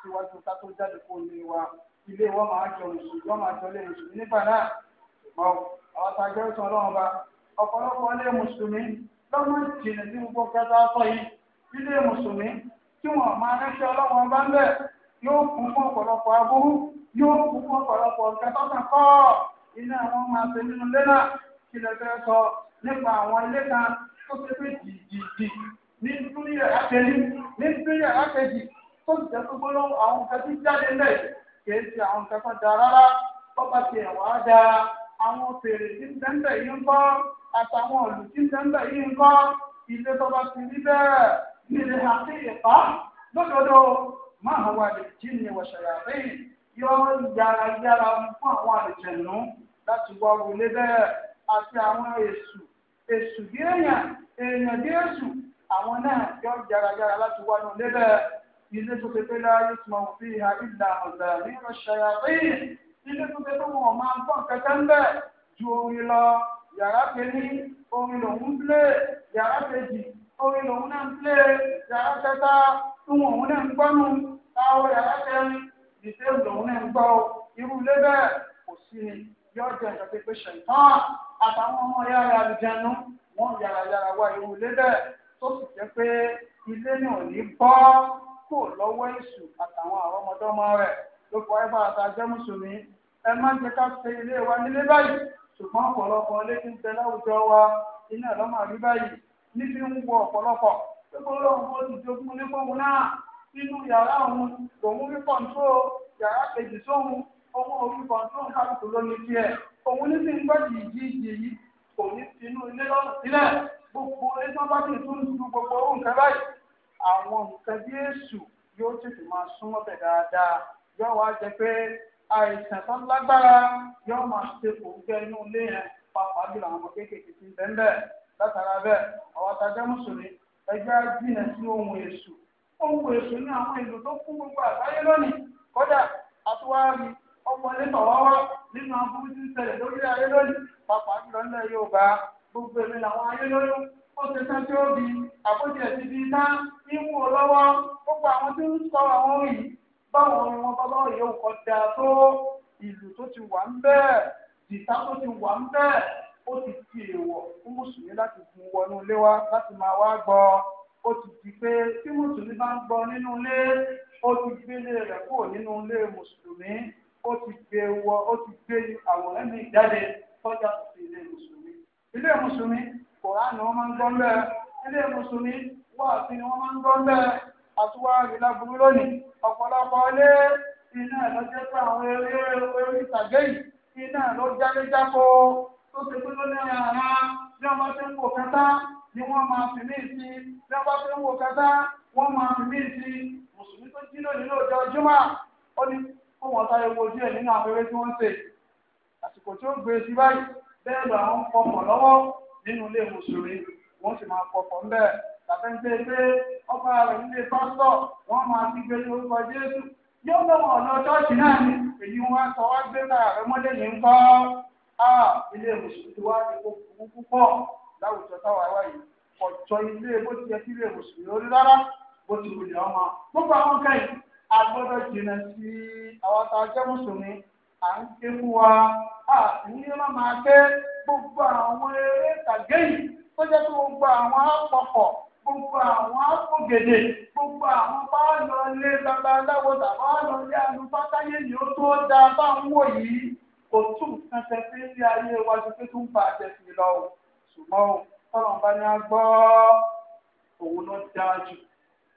síwájú ká tó jáde kó lé wa ilé wọn máa jọ mùsùlùmí wọn máa jọ lé mùsùlùmí nígbà náà ṣùgbọ́n àwọn tàjẹ́ ìtàn ọlọ́run ba ọ̀pọ̀lọpọ̀ ilé mùsùlùmí lọ́mọ ìjìnlẹ̀ tí gbogbo kẹta sọ yìí ilé mùsùlùmí tí wọn máa rẹ́ṣẹ́ ọlọ́run bá ń bẹ̀ yóò kún fún ọ̀pọ̀lọpọ̀ aburú yóò kún fún ọ̀pọ̀lọpọ̀ kẹtọ́kàn kọ́ iná wọn máa ṣe nínú lẹ́nà kí lè fẹ́ sọ nípa àwọn ilé kan tó ṣe pé jìjìjì ní nítorí yàrá kẹlí ní nítorí yàrá kẹjì tó ti jẹ́ gbogbo lọ́wọ́ àwọn nǹkan tí jáde lẹ̀ kìí ṣe àwọn nǹkan kan da rárá bọ́ba ti ẹ̀wà á da àwọn fèrè tí ń tẹ́ńtẹ̀ yìí ń kọ́ àtàwọn ọ̀lù tí ń tẹ́ńtẹ̀ yìí ń kọ́ ilé tọ́ba ti rí bẹ́ẹ̀ nílé àti ìpá lódodo máa hàn wà lè jí ni wọ̀ṣẹ̀yà bẹ́ẹ̀ yọ yára yára fún àwọn àlùjẹ̀nù láti wá wọlé bẹ́ẹ̀ àti àwọn èṣù èṣù bí èèyàn èèyàn bí èṣù àwọn náà jọ jarajara láti wá nù níbẹ̀ ilé tó ṣe pé láyé tí wọn fi ha ìlà ọ̀dà ní ọ̀ṣẹ̀yà rí ilé tó ṣe pé wọn máa ń tàn kẹkẹ ń bẹ̀ ju orin lọ yàrá kejì orin lòún ń plé yàrá kejì orin lòún náà ń plé yàrá kẹta ìwọ̀n òun náà ń gbọ́nù táwọn yàrá kẹrin ìdílé lòun náà ń gbọ́ irú ilé bẹ́ẹ̀ kò sí ni yóò jẹ́ ìjọba pé ṣèǹtàn àtàwọn ọmọ yàrá àlùjẹnu wọn yàrá yàrá wá irú ilé bẹ́ẹ̀ tó sì jẹ́ pé ilé náà ní bọ́ kò lọ́wọ́ èṣù àtàwọn àrọ́mọdọ́mọ rẹ̀ ló fọ ẹ bá a ta jẹ́ mùsùlùmí ẹ má jẹ́ ká ṣe ilé wa nílé báyìí ṣùgbọ́n ọ̀pọ̀lọpọ̀ ilé tí ń bẹ láwùjọ wa iná ìlọ́mọ àrí báyìí níbi ń wọ ọ̀pọ̀lọpọ̀ pé kó lóun kó ti jogún ní fóun náà nínú yàrá òun lòun rí kọ̀ǹtó yàrá kejì sóhun owó orí kọ̀ǹtó kálukú ló ní tiẹ̀ òun ní sì ń gbọ́ gbogbo ẹjọ́ bá ti tún ju gbogbo ohun nǹkan báyìí àwọn nǹkan bí èṣù yóò tètè máa súnmọ́ bẹ̀ dáadáa yóò wá jẹ pé àìsàn tó lágbára yóò máa ṣe òǹgẹ́ inú ilé yẹn pàápàá jùlọ àwọn kéékèèké ti ń bẹ́ẹ̀ látara bẹ́ẹ̀ àwọn àtàjẹ́ mùsùlùmí ẹgbẹ́ sí ohun èṣù ohun èṣù ní àwọn ìlú tó kún gbogbo àgbáyé lónìí àtúwárí ilé tọ̀wọ́wọ́ nínú tí ń ṣẹlẹ̀ gbogbo èmi làwọn ayé lóyún ó ti tán tí ó bi àkójẹ ti di iná níwú lọ́wọ́ gbogbo àwọn tí ń sọ àwọn yìí báwọn ni wọn bábá yóò kọjá tó ìlú tó ti wà ń bẹ́ẹ̀ dìtá tó ti wà ń bẹ́ẹ̀ ó ti fi èèwọ̀ fún mùsùlùmí láti gun wọnú ilé wa láti máa wá gbọ́ ó ti di pé tí mùsùlùmí bá ń gbọ́ nínú ilé ó ti gbélé rẹ̀ kúrò nínú ilé mùsùlùmí ó ti gbé wọ ó ti gbé àwòrán mi jáde tọ́jà sí ilé mùsùlùmí ilé mùsùlùmí kòránì wọn máa ń gbọ́ ńbẹ́ ilé mùsùlùmí wáàsí ni wọ́n máa ń gbọ́ ńbẹ́ àtúwárí láburú lónìí ọ̀pọ̀lọpọ̀ ilé iná ẹ̀ ló jẹ́ pé àwọn eré orí ìtàgé yìí iná ẹ̀ ló jáde jáko tó ti pín lónìí ara bí wọ́n bá ti ń wò kẹta ni wọ́n máa fi mí sí bí wọ́n bá ti ń wò kẹta wọ́n máa fi mí sí mùsùlùmí tó jí lónìí lóòjọ́ jùmọ̀ ó ní kó wọ́n sáré wojú ẹ̀ nínú àpẹẹrẹ tí wọ́n ń ṣe àsìkò tí ó gbé sí báyìí bẹ́ẹ̀ lọ àwọn fọkàn lọ́wọ́ nínú ilé mùsùlùmí wọ́n sì máa fọkàn bẹ́ẹ̀ tàbẹ́ńtẹ́ pé ọba rẹ̀ nílé pásítọ̀ wọ́n máa fi gbé lórúkọ Jésù yóò lọ́wọ́ ọ̀nà ṣọ́ọ̀ṣì náà ni èyí wọn sọ wá gbé láàárọ̀ mọ́lẹ̀ ní ń kọ́ ilé mùsùlùmí ti wá ní kókó púpọ̀ láwùjọ táwa wáyé ilé bó ti à ń ké fún wa à ní ló máa ké gbogbo àwọn eré tàgé yìí tó jẹ́ pé gbogbo àwọn àpọ̀pọ̀ gbogbo àwọn àpògèdè gbogbo àwọn bá lọ babaláwo tàbá lọ ni ó tó da bá yìí kò tún ṣe fi ń rí ayé iwájú pé tó ń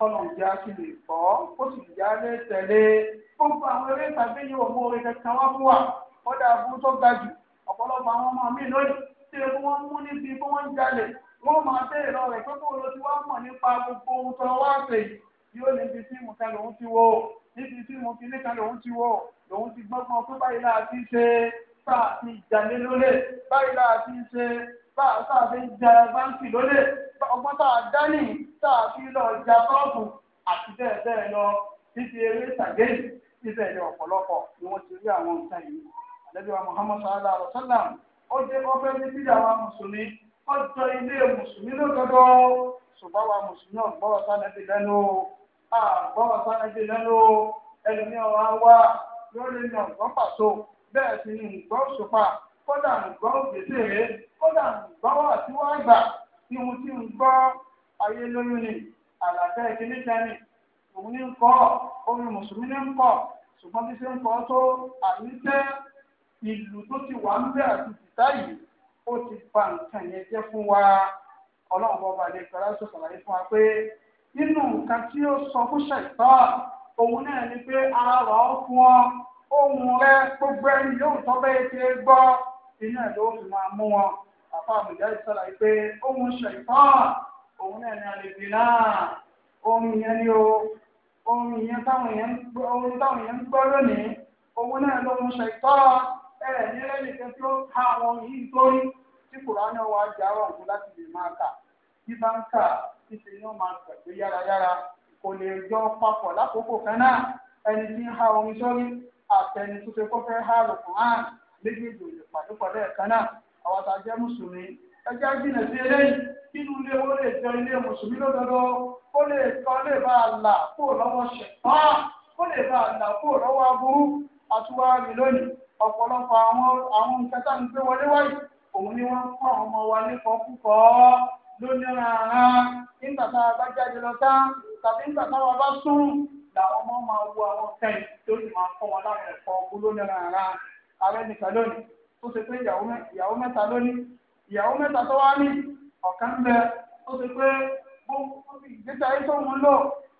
ọlọ́njẹ́ á sì lè kọ́ ó sì já lé tẹ̀lé gbogbo àwọn eré ìtàgé yìí òun orin kankan wá fún wa kọ́dà aburú tó ga jù ọ̀pọ̀lọpọ̀ àwọn ọmọ mi lónìí tí ebi wọ́n mú níbi bí wọ́n ń jalè wọ́n máa bẹ́ẹ̀ lọ rẹ̀ pé kó ló ti wá mọ̀ nípa gbogbo ohun tó wá pè yóò níbi fíìmù kan lòun ti wo níbi fíìmù kìíní kan lòun ti wo lòun ti gbọ́gbọ́n pé báyìí láti báyìí láti ṣe za a fi ja báńkì lólè ọgbọ́n tá a dání fi lọ ja tọ́ọ̀bù àti bẹ́ẹ̀ bẹ́ẹ̀ lọ títí eré ìtàgé síbẹ̀ ní ọ̀pọ̀lọpọ̀ ni wọ́n ti rí àwọn nǹkan yìí àlẹ́bí wa Muhammad sallallahu ó jẹ́ ọ̀fẹ́ ní bídà wa mùsùlùmí ó jọ ilé mùsùlùmí lọ́dọọdọ́ ṣùgbọ́n mùsùlùmí náà kódà ń gbọ́ gbèsè rẹ̀ kódà ń gbọ́wọ́ tí wọ́n gbà tí mo ti ń gbọ́ ayé lóyún ni àlàfẹ́ ìdílé tẹ́ni òun ní ń kọ́ orin mùsùlùmí ní ń kọ́ ṣùgbọ́n bí ṣe ń kọ́ tó àníṣẹ́ ìlú tó ti wà ń bẹ̀ àti tìta yìí ó ti ba nǹkan yẹn jẹ́ fún wa ọlọ́run bọ́ba lè gbọ́dọ̀ sàlàyé fún wa pé nínú nǹkan tí ó sọ fún ṣàìtọ́ òun náà ni pé ara rọ̀ ọ́ fún ọ ohun rẹ gbogbo ẹni yóò tọ́ bẹ́ẹ̀ ṣe gbọ́ iná ẹ̀ ló fi máa mú wọn àfa àbùjá ìsọ̀rọ̀ yìí pé ohun ṣẹ̀tọ́ òun náà ni àlejò náà ohun yẹn ni o ohun yẹn táwọn yẹn ohun táwọn yẹn ń gbọ́ lónìí ohun náà ló ń ṣẹ̀tọ́ ẹ̀rẹ̀ ní lẹ́yìn tí ó ká àwọn yìí torí tí kùránì ọwọ́ ajá wọn kú láti lè máa kà bí bá ń kà títí yóò máa gbàgbé yárayára kò lè jọ papọ̀ lákòókò kan náà ẹni tí ń ha orin sórí àtẹni kó fẹ́ ha lòkùn áàrùn méjèèjì ò lè pàdé pàdé ẹ̀ka náà àwọn àtàjẹ́ mùsùlùmí ẹjẹ́ gbìnà sí eléyìí nínú ilé owó lè jẹ ilé mùsùlùmí lódodo ó lè kọ́ lè bá a là kó lọ́wọ́ ṣẹ̀tàn ó lè bá a là kó lọ́wọ́ aburú àtúwárí lónìí ọ̀pọ̀lọpọ̀ àwọn àwọn nǹkan tá à ń gbé wọlé wáyé òun ni wọ́n kọ́ ọmọ wa nípa púpọ̀ lónìí rárá nígbà tá a bá jáde lọ tán tàbí nígbà táwọn bá sún làwọn ọmọ máa wo àwọn kẹ́yìn tó sì máa kọ́ wọn láwọn ẹ̀kọ́ ọkú lónìí rárá ààrẹ nìkan lónìí tó ṣe pé ìyàwó mẹ́ta lónìí ìyàwó mẹ́ta tó wá ní ọ̀kan bẹ tó ṣe pé ìgbésí ayé tó ń lò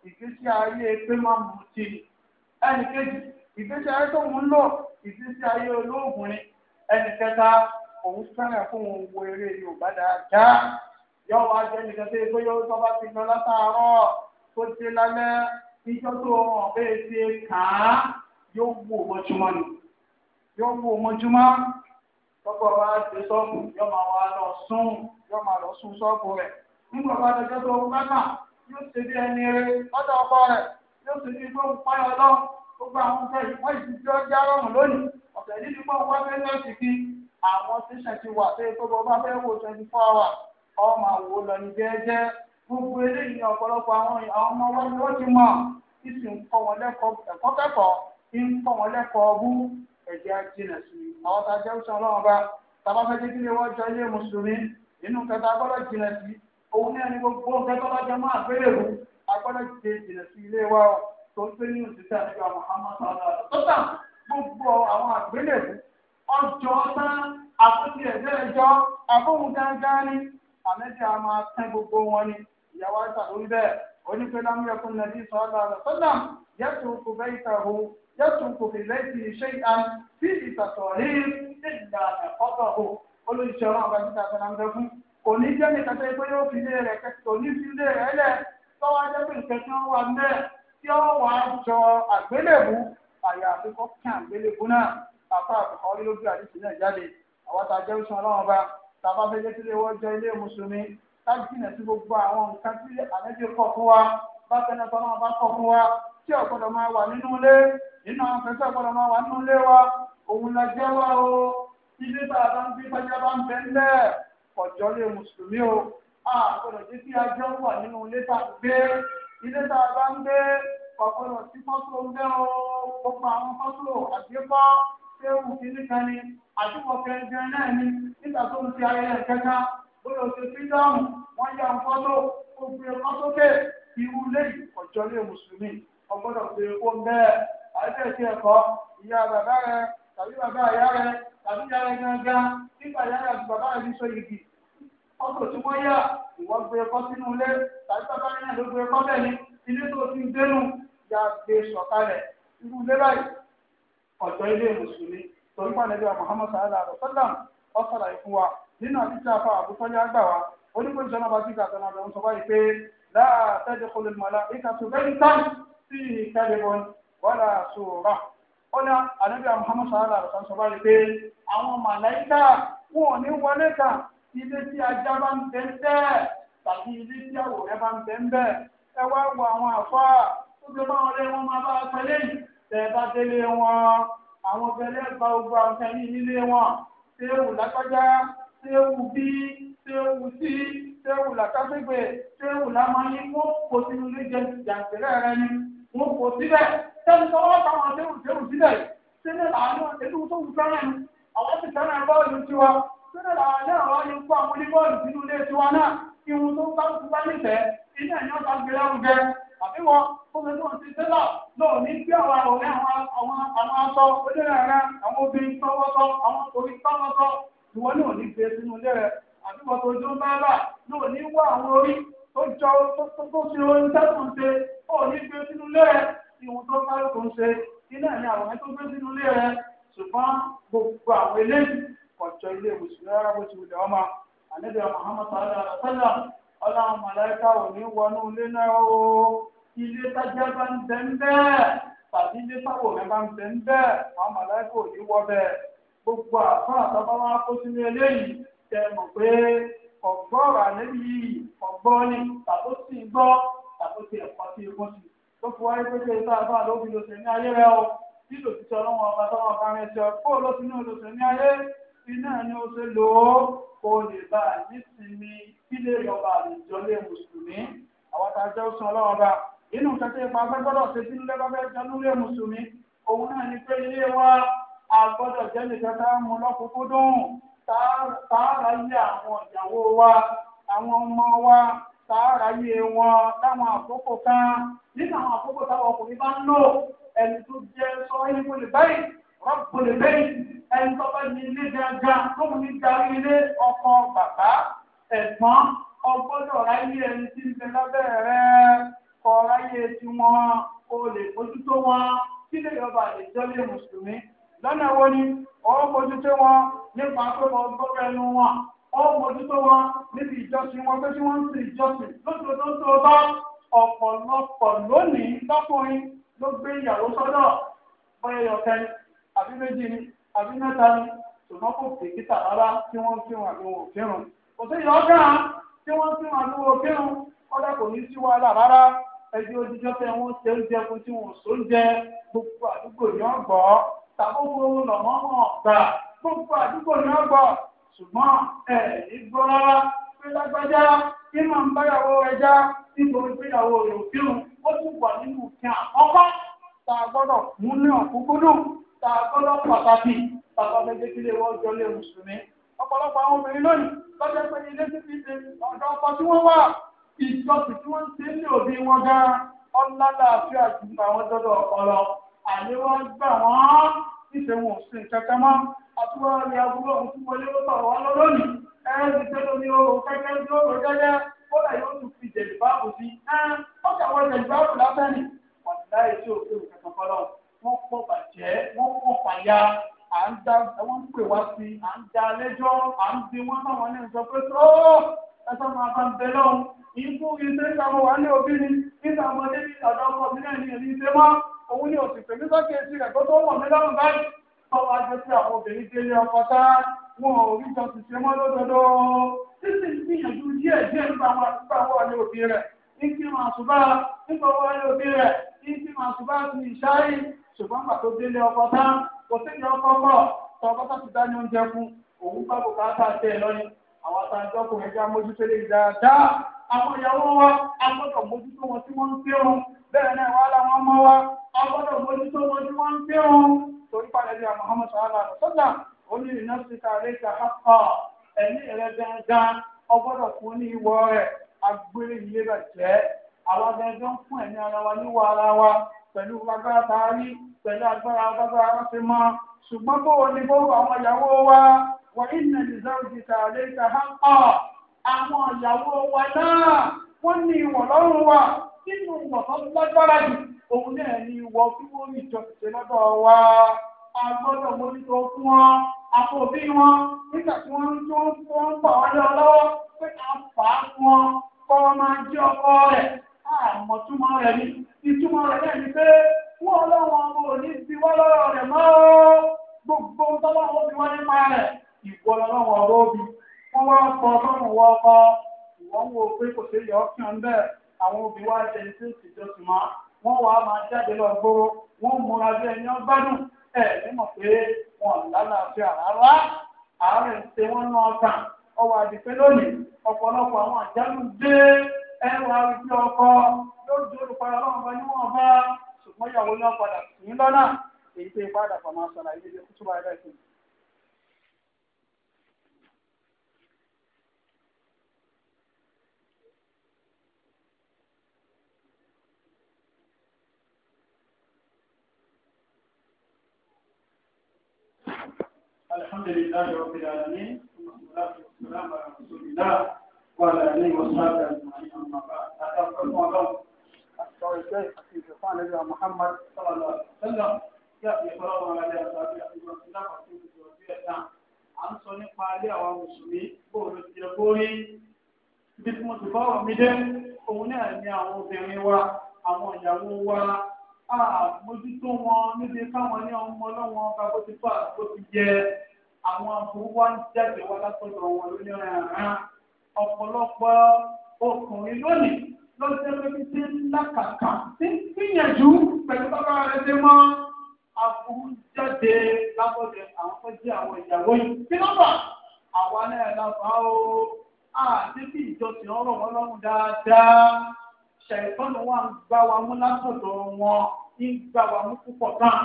ìgbésí ayé pé máa mú ti ẹnì kejì ìgbésí ayé tó ń lò ìgbésí ayé olóògùn ni ẹnì kẹta òun fẹ́ràn fún òun wo eré Yorùbá dáadáa yóò wá jẹ́ nìkan tó yẹ pé yóò tọ́ bá ti lọ látàárọ̀ tó dé lálẹ́ níjọ́ tó ọ̀bẹ́ ti kàn án yóò wò mọ́júmọ́ ni. yóò kú ọmọjúmọ́ tọ́pọ̀ wa ti sọ́ọ̀bù yóò máa wá lọ sún yóò máa lọ sún sọ́ọ̀bù rẹ̀ nígbà bá dọjọ́ tó ń bá náà yóò ṣe bí ẹni rẹ̀ lọ́dọ̀ ọkọ rẹ̀ yóò ṣe bí pọ́yọ̀ lọ gbogbo àwọn wo twenty four hours ọmọ àwò lọ ní gbogbo eléyìí ọ̀pọ̀lọpọ̀ àwọn ọmọ wọn ni wọ́n ẹ̀jẹ̀ jìnà sí i àwọn tá a jẹ́ òṣèlú ọlọ́run bá tàbá fẹ́ jẹ́ kí ni wọ́n jọ ilé mùsùlùmí nínú kẹta gbọ́dọ̀ jìnà sí òun náà ni gbogbo nǹkan tó bá jẹ mọ́ àgbélébù agbọ́dọ̀ jẹ jìnà sí ilé wa tó ń pè ní òṣìṣẹ́ àti àwọn Muhammadu aláàlá tó tà gbogbo àwọn àgbélébù ọjọ́ tán àkókò ẹ̀jẹ̀ ẹjọ́ àbóhun gángan ni àmẹ́jẹ̀ a máa tẹ́ gbogbo wọn ni ìyàwó àtàlórí bẹ́ẹ̀ onípẹ̀lú amúyẹ̀kùn nàbí sọ́ọ́lá rẹ̀ sọ́dà yẹ́tù yẹ́tùkù fi lẹ́yìn iṣẹ́ ìhà sí ìtàtọ̀ rí nígbà ẹ̀kọ́tọ̀ o olóṣìṣẹ́ ọlọ́run bá ti tàbí náà ń bẹ fún kò ní jẹ́ nìkan tó yẹ pé yóò fi lé rẹ̀ kò ní fi lé rẹ̀ lẹ̀ tọ́wọ́ jẹ́ pé nǹkan tí wọ́n wà ń bẹ́ẹ̀ tí wọ́n wà á jọ àgbélébù àyà àfikọ́ kí àgbélébù náà àfa àfikọ́ rí lójú àdìsí náà jáde àwọn tá a jẹ́ oṣù ọlọ́run bá tàbá fẹ́ jẹ́ sílé wọ́n jẹ́ ilé mùsùlùmí láti jìnà sí gbogbo àwọn nǹkan tí àlejò kọ̀ fún wa bákan náà tọ́lọ́run bá kọ̀ fún wa tí ọ̀gbọ́dọ̀ máa wà nínú ilé nínú àwọn afẹ́fẹ́ ọ̀gbọ́dọ̀ máa wà nínú ilé wa òun la jẹ́ wá o ilé tá a bá ń gbé tọ́jà bá ń bẹ ńlẹ̀ ọ̀jọ́ lé mùsùlùmí o a gbọ́dọ̀ jẹ́ kí ajọ́ wà nínú ilé tá a gbé ilé tá a bá ń gbé ọ̀gbọ́dọ̀ sí fọ́tò ń o gbogbo àwọn fọ́tò àgbékọ́ séwù kìíní kan ni àdúgbò kẹrin náà ni nígbà tó ń ti ayẹyẹ kẹta bóyá o ti wọ́n yà ń fọ́tò ó gbé ọkọ̀ e sókè irú ọ̀jọ́ lé mùsùlùmí ọgbọ́dọ̀ fi epo bẹ́ẹ̀ àìsẹ̀sí ẹ̀kọ́ ìyá bàbá rẹ tàbí bàbá ìyá rẹ tàbí ìyá rẹ gángan nígbà ìyá rẹ bàbá rẹ ní sọ́yìgì ọkọ̀ tí yà ìwọ gbé e sínú ilé tàbí bàbá rẹ náà ló gbé e ni ilé tó ti ń dénú ya gbé e irú ilé báyìí ilé mùsùlùmí torí Muhammad sallallahu wa sallam wa nínú فيه كلم ولا سورة ọlá àdébíà muhammad sallallahu alaihi wa sallam báyìí pé àwọn màláìkà wọn ò ní wọlé kà ilé tí ajá bá ń bẹ ń bẹ tàbí ilé tí àwòrán bá ń bẹ ń bẹ ẹ wá wo àwọn àfa tó ti bá wọn lé wọn máa bá pẹlẹ yìí tẹ bá délé wọn àwọn bẹlẹ gba gbogbo àwọn ẹni nílé wọn séwù lágbájá séwù bí séwù sí séwù làkàgbègbè séwù làmọyìn wọn kò sínú ilé jẹ jàǹtẹrẹ rẹ ni wọn kò síbẹ̀ sẹ́ni tó wọ́n táwọn àdéhùn déhùn síbẹ̀ sẹ́ni làánú ètò tó wù fẹ́ràn àwọn ti fẹ́ràn bọ́ọ̀lù tiwa sẹ́ni làánú àwọn yóò kó àwọn oníbọ́ọ̀lù sínú ilé tiwa náà ìwọ̀n tó bá tó bá nífẹ̀ẹ́ iná ẹ̀ ní ọ̀sán gbélé oúnjẹ àbí wọn fún mi tó ń ti tẹ́lọ̀ lóò ní gbé àwọn àwòrán àwọn àwọn aṣọ onílẹ̀ rẹ àwọn obìnrin tọwọ́tọ́ àwọn orí tọwọ́tọ́ ìwọ ní òní gbé sínú ilé rẹ àbí wọn tó jó bá bá lóò ní wá àwọn orí tó jọ tó ṣe orin tẹ́kùn ṣe ó ní gbé sínú ilé rẹ ìwọ̀n tó bá lóko ń ṣe iná ní àwọn tó gbé sínú ilé rẹ ṣùgbọ́n gbogbo àwọn eléyìí kọ̀jọ́ ilé mùsùlùmí rárá bó ti wulẹ̀ ọmọ àníbi Muhammad sallallahu alaihi o ilé tájá bá ń ń bẹ́ẹ̀ tàbí ilé bá ń ń bẹ́ẹ̀ àwọn ò ní wọ bẹ́ẹ̀ gbogbo pé ọ̀gbọ́rọ̀ àlẹ́bí yìí ọ̀gbọ́n ni tàbó sì ń gbọ́ tàbó sì ẹ̀kọ́ sí ikú sí tó fi wáyé pété ìta àbá ló fi lòsẹ̀ ní ayé rẹ o tí lòsíṣẹ́ ọlọ́run ọba tọ́wọ́ kárẹ́ ṣe kó ló fi ní olùsẹ̀ ní ayé iná ni ó ṣe lò ó kó lè bá a nísìnyí kílé ìjọba àlùjọlé mùsùlùmí àwọn tá a jẹ́ òsùn ọlọ́run ọba inú kẹtẹ ipa gbẹgbọdọ ṣe sínú lẹgbẹgbẹ jẹnulẹ mùsùlùmí òun náà ni pé ilé wa àgbọ́dọ̀ jẹ nìkan tá a mú lọkùnkúndùn tààrà yé àwọn ìyàwó wa àwọn ọmọ wa tààrà yé wọn láwọn àkókò kan nínú àwọn àkókò táwọn ọkùnrin bá ń lò ẹni tó jẹ sọ ẹnìkò lè báyìí rọpò lè báyìí ẹni tó bá ní ilé gangan tó mú ní darí ilé ọkọ bàbá ẹ̀gbọ́n ọgbọ́dọ̀ ráyé ẹni tí ń bẹ lábẹ́ rẹ kọ ráyé tiwọn o lè bójútó wọn kí lè yọba àlejò lè mùsùlùmí lọ́nà wo ni ọ̀ọ́ bójútó wọn nípa pé mo ẹnu wọn ó mójútó níbi ìjọsìn wọn pé kí wọ́n ń sin ìjọsìn lóṣù tó ń tó bá ọ̀pọ̀lọpọ̀ lónìí lọ́kùnrin ló gbé ìyàwó sọ́dọ̀ bóyá ọ̀kẹ́ àbí méjì ni àbí mẹ́ta ni ṣùgbọ́n kò bìkítà rárá tí wọ́n ń fihàn àdúgbò kírun kò sí ìyọ́gá tí wọ́n ń fihàn àdúgbò kírun kọ́dà kò ní sí wàhálà rárá ẹbí ojújọ́ tẹ wọ́n ṣe ń jẹ kó tí wọ́n sọ ń jẹ gbogbo àdúgbò yẹn gbọ́ tàbí owó gbogbo àdúgbò ní ọgbọ ṣùgbọ́n ẹ ìgbọ́ rárá pé lágbájá kí máa ń báyàwó rẹ já nítorí pé ìyàwó rẹ ò kírun ó tún wà nínú òfin àkọ́kọ́ tá a gbọ́dọ̀ mú ní ọ̀kúnkúndùn tá a gbọ́dọ̀ pàtàkì bàbá bẹ́ẹ̀ dékìlẹ̀ wọ́n jọ lé mùsùlùmí ọ̀pọ̀lọpọ̀ àwọn obìnrin lónìí lọ́jọ́ pé ilé tí fi ṣe ọ̀dọ́ ọkọ tí wọ́n wà ìjọsìn tí wọ́n ṣe ní òbí wọn gan ọ̀làlà àti àtúntò àwọn dọ́dọ̀ ọ̀rọ̀ àníwọ̀n gbà wọ́n níṣẹ́ wọn ò sí nǹkan kan mọ́ àtúwọ́ ni àbúrò ń kú wọlé ló bọ̀ wá lọ́lọ́nì ẹ ẹ ti tẹ́lẹ̀ ní oòrùn kẹ́kẹ́ ní oòrùn kẹ́kẹ́ kódà yóò tún fi jẹ̀lì báàbò sí ẹ ó kà wọ jẹ̀lì báàbò lábẹ́ ni wọ́n ti láyé tí òkè òkè kankan lọ wọ́n pọ̀ bàjẹ́ wọ́n pọ̀ pàyà à ń dá wọ́n ń pè wá sí à ń dá lẹ́jọ́ à ń bí wọ́n náà wọ́n ní sọ pé tó ẹ sọ máa bá ń bẹ lọ́hùn ìkú ilé ìtàwọn wà ní òbí ni nígbà ọmọdé ní ìtàjọ́ ọkọ̀ sílẹ̀ ní ìlú ìṣẹ́mọ́ òun ni òsì pèmí sọ́kè sí rẹ̀ tọ́wọ́ ajé sí àwọn obìnrin délé ọkọ tá wọn ò rí jọ ti ṣe mọ́ lódodo títí gbìyànjú díẹ̀ díẹ̀ nípa àwọn àtúgbà wọ̀ ní òbí rẹ̀ ní kí máa ṣùgbà nípa wọ́n ní òbí rẹ̀ ní kí máa ṣùgbà sí ìṣáì ṣùgbọ́n pàtó délé ọkọ tá kò sí ní ọkọ pọ̀ tọ́kọ́ tó ti dání oúnjẹ fún òun bá kò káàtà tẹ̀ lọ́ni àwọn àtàjọ kò ẹja mójútó lè dáadáa àwọn ìyàwó wa agbọ́dọ̀ mójútó wọn tí wọ́n ń gbé wọn bẹ́ẹ̀ náà wà láwọn ọmọ wa agbọ́dọ̀ mójútó wọn tí wọ́n ń gbé wọn torí padà bí àwọn ọmọ sọ̀rọ̀ àlọ́ sọ́dà ó ní iná síta rẹ̀ ta hapọ̀ ẹ̀mí rẹ̀ dandan ọgbọ́dọ̀ fún ní ìwọ rẹ̀ agbére ilé rẹ̀ jẹ́ àwọn dandan fún ẹ̀mí ara wa níwọ̀ ara wa pẹ̀lú agbára taari pẹ̀lú agbára agbára wa mọ́ ṣùgbọ́n bó o ní bó àwọn ìyàwó wa wà ìnà ìzáwùjì ta rẹ̀ ta àwọn ìyàwó wa náà wọ́n ní ìwọ̀ lọ́rùn wa. nínú ìwọ̀n lágbára jù òun náà ni ìwọ tí wọ́n rí ìjọsìṣe lọ́dọ̀ wa a gbọ́dọ̀ mójútó fún wọn akọbí wọn nígbà tí wọ́n tó ń ń lọ́wọ́ pé wọn kọ́ máa jẹ́ ọkọ rẹ̀ àmọ́ túmọ̀ rẹ̀ ni ìtumọ̀ rẹ̀ náà ni pé wọ́n ti wá lọ́rọ̀ gbogbo fi wá nípa rẹ̀ ìwọ wọ́n wá pọ̀ ọkọ ìwọ́n wo pé kò àwọn obiwa wa ṣe ní tí ń tìjọ sì máa wọn wà á máa jáde lọ gbóró múra bí ẹni ọgbádùn ẹ̀ nímọ̀ wọn lálàáfíà rárá ṣe wọ́n ná ọkàn ọwọ àdìpẹ́ lónìí ọpọlọpọ àwọn àjálù dé ẹwà ọkọ lójú bá bá ìyàwó ní sí èyí tó sọ̀rọ̀ الحمد لله رب العالمين والصلاة والسلام على رسول الله وعلى آله وصحبه أجمعين أما بعد أتوكل على أتوكل إليه في شفاعة نبينا محمد صلى الله عليه وسلم يأتي قرار على أصحابه أجمعين وسلام عليه وسلم à ń sọ nípa ilé àwọn mùsùlùmí bóòlù ti ẹkọ rí ibi tí mo ti fọ́ ọ̀rọ̀ mi dé òun náà ni àwọn obìnrin wa àwọn ìyàwó wa àmójútó wọn níbi káwọn ní ọmọ ọlọ́wọ́n bá bó ti fà bó ti yẹ àwọn aburú wa ń jáde wá látọ̀dọ̀ wọn lónìí ràn ọ̀pọ̀lọpọ̀ ọkùnrin lónìí lọ́sẹ̀ lórí tí ń lákàkà tí ń gbìyànjú pẹ̀lú bàbá rẹ̀ ṣe mọ́ aburú jáde lábọ̀dẹ̀ àwọn tó jẹ́ àwọn ìyàwó yìí kí ló fà àwa náà la fà ó àti bí ìjọsìn ọ̀rọ̀ wọn lọ́rùn dáadáa ṣàìfọ́nù wa ń gbá wa mú látọ̀dọ̀ wọn ń gbá wa mú púpọ̀ gan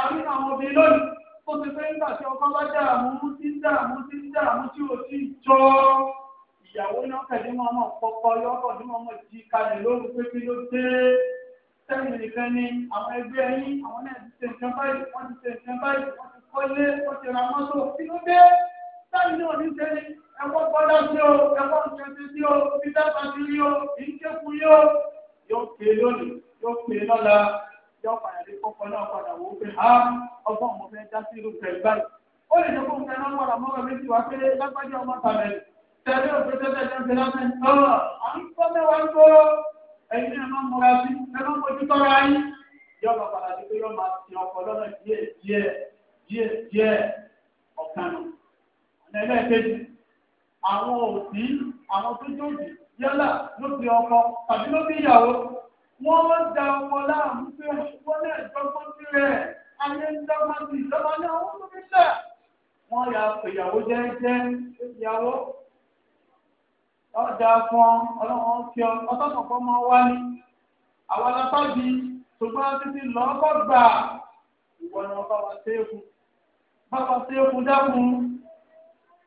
àbí àwọn obìnrin lónìí ó ti fẹ́ nígbà tí ọkọ bá dààmú tí ń dààmú tí ń dààmú tí ò tí jọ ìyàwó náà kẹ̀lé mọ́ ọmọ pọpọ yọkọ̀ ní mọ́ ọmọ jí kalẹ̀ lóru pé ló dé sẹ́yìn nìkan ni àwọn ẹgbẹ́ yín àwọn náà ti ṣe nǹkan báyìí wọ́n ti ṣe nǹkan báyìí wọ́n ti kọ́lé wọ́n ti ra mọ́tò kí ló dé sẹ́yìn náà ní sẹ́yìn ẹ̀kọ́ gbọ́dá sí o ẹ̀kọ́ ìṣẹ́sí sí o fífẹ́ pàṣẹ yìí o ìṣẹ́kù yìí yóò pè lónìí yóò pè lọ́la yọ padà dé kọ́kọ́ náà padà wò ó pé ha ọgbọ́n mo fẹ́ dá sí irú rẹ̀ báyìí. ó lè dẹ́kun fẹ́ náà padà mọ́ra méjì wá pé lágbájá ọmọ tàbẹ̀ tẹ̀lé òfin tẹ́tẹ́ jẹ́ ń tẹ́lá mẹ́ à ń kọ́ mẹ́wàá ń gbọ́ ẹ̀yin náà máa mọ̀ra sí ẹ máa mójú tọ́ra yín. yọba padà dé pé yọ máa ti ọkọ̀ lọ́nà díẹ̀ díẹ̀ díẹ̀ díẹ̀ ọ̀kanu. ọ̀nà ẹlẹ́ẹ̀kejì àwọn òbí àwọn tó jóòdì yálà ló fi ọkọ tàbí ló fi ìyàwó wọ́n da ọmọ láàmú pé wọ́n lè dọ́gbọ́n tirẹ̀ ayé ń dọ́gbọ́n sí ìjọba ní àwọn olùdíṣẹ́. wọ́n ya ìyàwó jẹ́jẹ́ ìyàwó ọjà fún ọlọ́wọ́n fi ọtọ́kọ̀kọ́ máa wá ní àwọn alápájì ṣùgbọ́n títí lọ́kọ̀ gbà ìwọ ni wọ́n bá wa séèkù bá wa séèkù dákun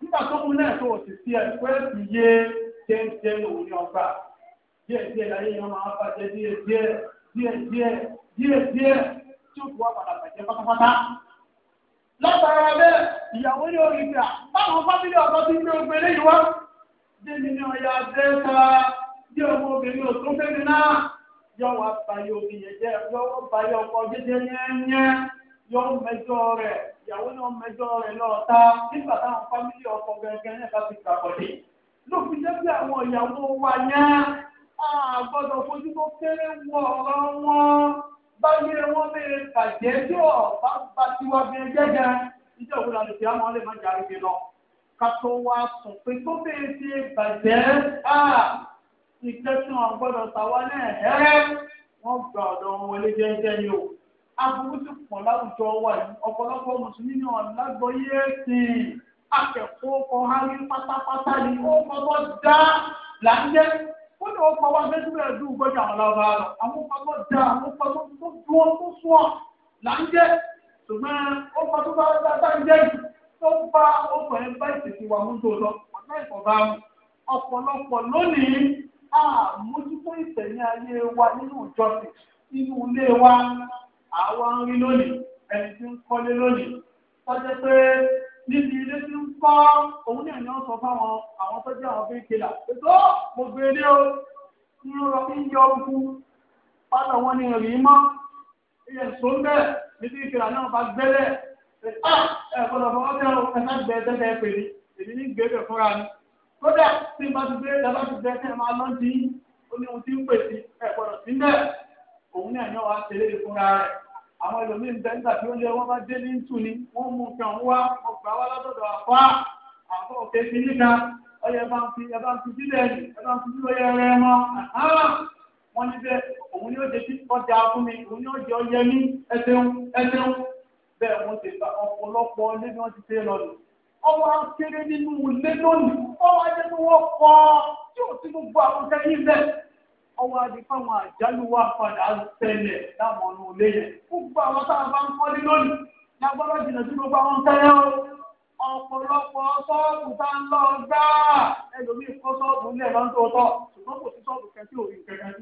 nígbà tó kún náà tó o sì fi ẹ̀ pé ìyé jẹ́jẹ́ òun ni ọgbà díẹ̀ díẹ̀ láyé yẹn máa bàjẹ́ díẹ̀ díẹ̀ díẹ̀ díẹ̀ díẹ̀ díẹ̀ tí ó kù wá padà bàjẹ́ pátápátá. látara bẹ́ẹ̀ ìyàwó ní orí ìgbà báwọn fábílì ọ̀dọ́ ti gbé ogun eléyìí wá. débi ní ọ̀yà dẹ́ta bí ọmọ obìnrin òtún fẹ́mi náà yọ wá bayọ obìnrin jẹ yọ wọ́n bayọ ọkọ jẹjẹ yẹ́nyẹ́ yọ mẹjọ rẹ ìyàwó náà mẹjọ rẹ lọ́ọ̀ta nígbà táwọn fámílì ọkọ gẹ́gẹ́ náà bá ti gbàgbọ́dé lófin jẹ́ bí àwọn ìyàwó wa yẹn àgbọ̀dọ̀ fojú tó kéré wọ ọ̀rọ̀ wọn báyé wọn bẹ̀rẹ̀ bàjẹ́ tí ọ̀ bá bá tiwa bẹ̀rẹ̀ jẹ́jẹ́ ìjọ òwúrọ̀ àti ìyá wọn lè má jà rúbi lọ. kàtó wa sùn pé tó bẹ̀rẹ̀ ti bàjẹ́ à ìkẹ́sùn àgbọ̀dọ̀ tàwa náà ẹ̀rẹ́ wọ́n gba ọ̀dọ̀ wọn wọlé jẹ́jẹ́ ni o. aburú ti pọ̀ láwùjọ wa yìí ọ̀pọ̀lọpọ̀ mùsùlùmí ni ọ̀ lágbọ́yé sìn akẹ́kọ̀ọ́ kọ́ hárí pátápátá ni ó kọ́ bọ́ dá làǹjẹ́ ó ní ọkọ̀ wa méjì bẹ́ẹ̀ dùn gbọ́dọ̀ àwọn lọ́ba rẹ̀ àwọn ọkọ̀ tó àwọn tó tó là ń jẹ́ ṣùgbọ́n bá ń jẹ́ tó bá ọkọ̀ wa mú tó lọ ọ̀pọ̀lọpọ̀ lónìí ìtẹ̀yìn ayé níbi ilé tí ń kọ́ òun náà ni sọ fáwọn àwọn tó jẹ́ àwọn bíi kìlà ètò mo e o ń lọ bí yọ oku ọ̀nà wọn ni rì mọ́ iye sọ ń bẹ̀ níbi kìlà náà bá gbẹ́lẹ̀ ah, ẹ̀ gbọ́dọ̀ fọwọ́ tẹ o ẹ̀ náà gbẹ ẹ̀dẹ́gbẹ́ e pè ní èmi ní gbẹ́bẹ̀ e fúnra mi kódà tí n bá ti gbé ẹ̀ bá ti gbẹ ẹ̀ máa lọ́ọ́ dín ó tí ń pè sí ẹ̀ gbọ́dọ̀ sí àwọn ẹlòmíì ń bẹ́ńtà tí ó lé wọ́n bá dé ní tù ní wọ́n mú kàn wá ọgbà wá látọ̀dọ̀ àpá àpá òkè ti níta ọyẹ bá ń fi ẹ bá ń fi sílẹ̀ ẹ̀yìn ẹ bá ń fi sílẹ̀ ọyẹ rẹ mọ́ wọ́n ní bẹ́ẹ̀ òun ni ó jẹ́ kí ọjà fún mi òun ni ó jẹ́ ọyẹ ní ẹsẹ̀hún ẹsẹ̀hún bẹ́ẹ̀ wọ́n ti gba ọ̀pọ̀lọpọ̀ ilé ni wọ́n ti ṣe lọ́nà ọwọ́ akéré nínú ilé lónìí ọwọ́ ajẹ́ ni wọ́n kọ́ gbogbo àwọn kẹ́yìn bẹ́ẹ̀ ọwọ́ adi fáwọn àjálù wa padà ṣẹlẹ̀ láwọn ọ̀nà òlé yẹn. gbogbo àwọn tá a bá ń kọ́lé lónìí lágbára jìnnà tí gbogbo àwọn ń tẹ́lẹ̀ o. ọ̀pọ̀lọpọ̀ sọ́ọ̀bù tá ń lọ gbá ẹlòmíì kọ́ sọ́ọ̀bù ńlẹ̀ lọ́n tó tọ̀ ṣùgbọ́n kò sí sọ́ọ̀bù kẹsí òfin kẹkẹ sí.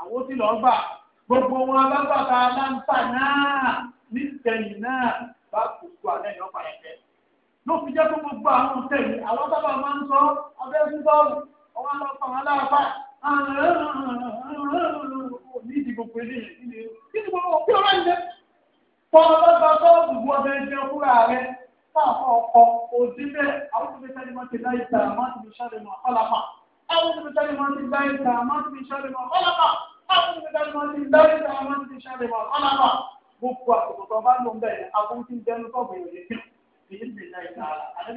àwọn tí lọ gbà gbogbo wọn alágbàtà aláǹtà ló fi jẹ́ kó gbogbo àwọn tẹ̀lé àwọn sábà máa ń sọ abẹ́ fún ọwọ́ àlọ́ fún àwọn aláàfáà nídìí gbogbo eléyìí kí ni kí ni gbogbo kí ọlá ilé tọ́lá bá bọ́ọ̀lù wọ́n bẹ́ẹ̀ jẹ́ fúra rẹ̀ káàkọ́ ọkọ̀ òdì bẹ́ẹ̀ àwọn tó fi sáré máa ti láyé tà máa ti fi sáré máa kọ́lápà àwọn tó fi sáré máa ti láyé tà máa ti fi sáré máa kọ́lápà àwọn tó fi sáré máa ti láyé tà máa ti fi sáré máa kọ́lápà gbogbo àkókò tó bá lò ń bẹ̀ àwọn tí ń dẹnu tó bẹ̀rẹ̀ lè fi èyí ti láyé tà àlẹ́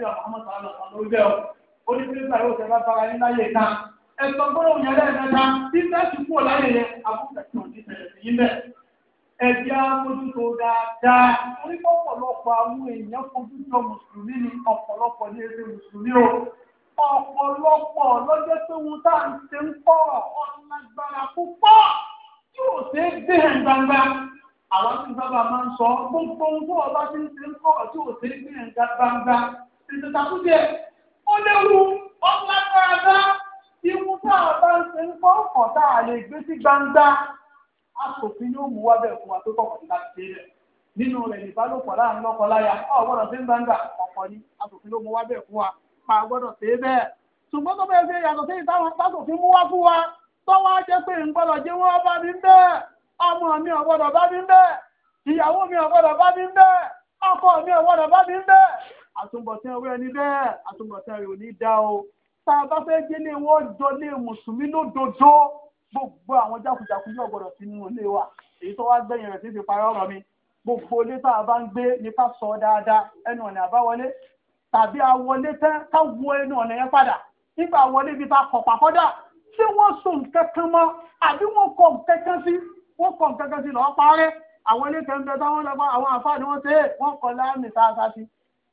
bí ẹ̀sọ́ gbọ́dọ̀ yẹn lẹ́ẹ̀mẹ́ta tí sẹ́ẹ̀sì kúrò láyé yẹn àbúkẹ́sọ̀ ti tẹ̀lẹ̀ sí mẹ́. ẹ̀jẹ̀ amójútó dáadáa orí pọ̀pọ̀lọpọ̀ àwọn èèyàn fojú jọ mùsùlùmí ni ọ̀pọ̀lọpọ̀ ní ẹgbẹ́ mùsùlùmí o ọ̀pọ̀lọpọ̀ lọ́jọ́ tó wù tá à ń ṣe ń kọ́rọ̀ ọ̀nàgbára púpọ̀ tí ò ṣe é gbé hàn gbangba àwọn tí sábà máa ń sọ Imu tá a bá ń ṣe ń kọ́ ọ̀pọ̀ tá a lè gbé sí gbangba aṣòfin yóò mú wá bẹ́ẹ̀ fún wa tó kọ̀kọ̀ nígbà tí ó nínú rẹ̀ ìbálòpọ̀ lọ́kọ ọ̀ gbọ́dọ̀ sí gbangba ọ̀pọ̀ ni aṣòfin ló mú wá bẹ́ẹ̀ fún wa pa gbọ́dọ̀ bẹ́ẹ̀ ṣùgbọ́n tó bẹ́ẹ̀ ṣe yàtọ̀ sí ìtawọn aṣòfin mú wá fún wa jẹ́ pé jẹ́ wọ́n bá mi bẹ́ẹ̀ tá a bá fẹ́ délé wọ́n jọ lé mùsùlùmí lódodo gbogbo àwọn jákujàku yóò gbọdọ̀ sínú ilé wa èyí tó wá gbẹ̀yìn rẹ̀ sí ti parí ọ̀rọ̀ mi gbogbo ilé tá a bá ń gbé ní ká sọ dáadáa ẹnu ọ̀nà àbáwọlé tàbí awọlé tán ká wo ẹnu ọ̀nà yẹn padà nígbà wọlé ibi tá a kọ̀ pàkọ́dà tí wọ́n so nǹkan kan mọ́ àbí wọ́n kọ̀ nǹkan kan sí wọ́n kọ̀ nǹkan kan sí lọ́ọ́ parẹ́ àwọn ilé kan bẹ táwọn lọ́pàá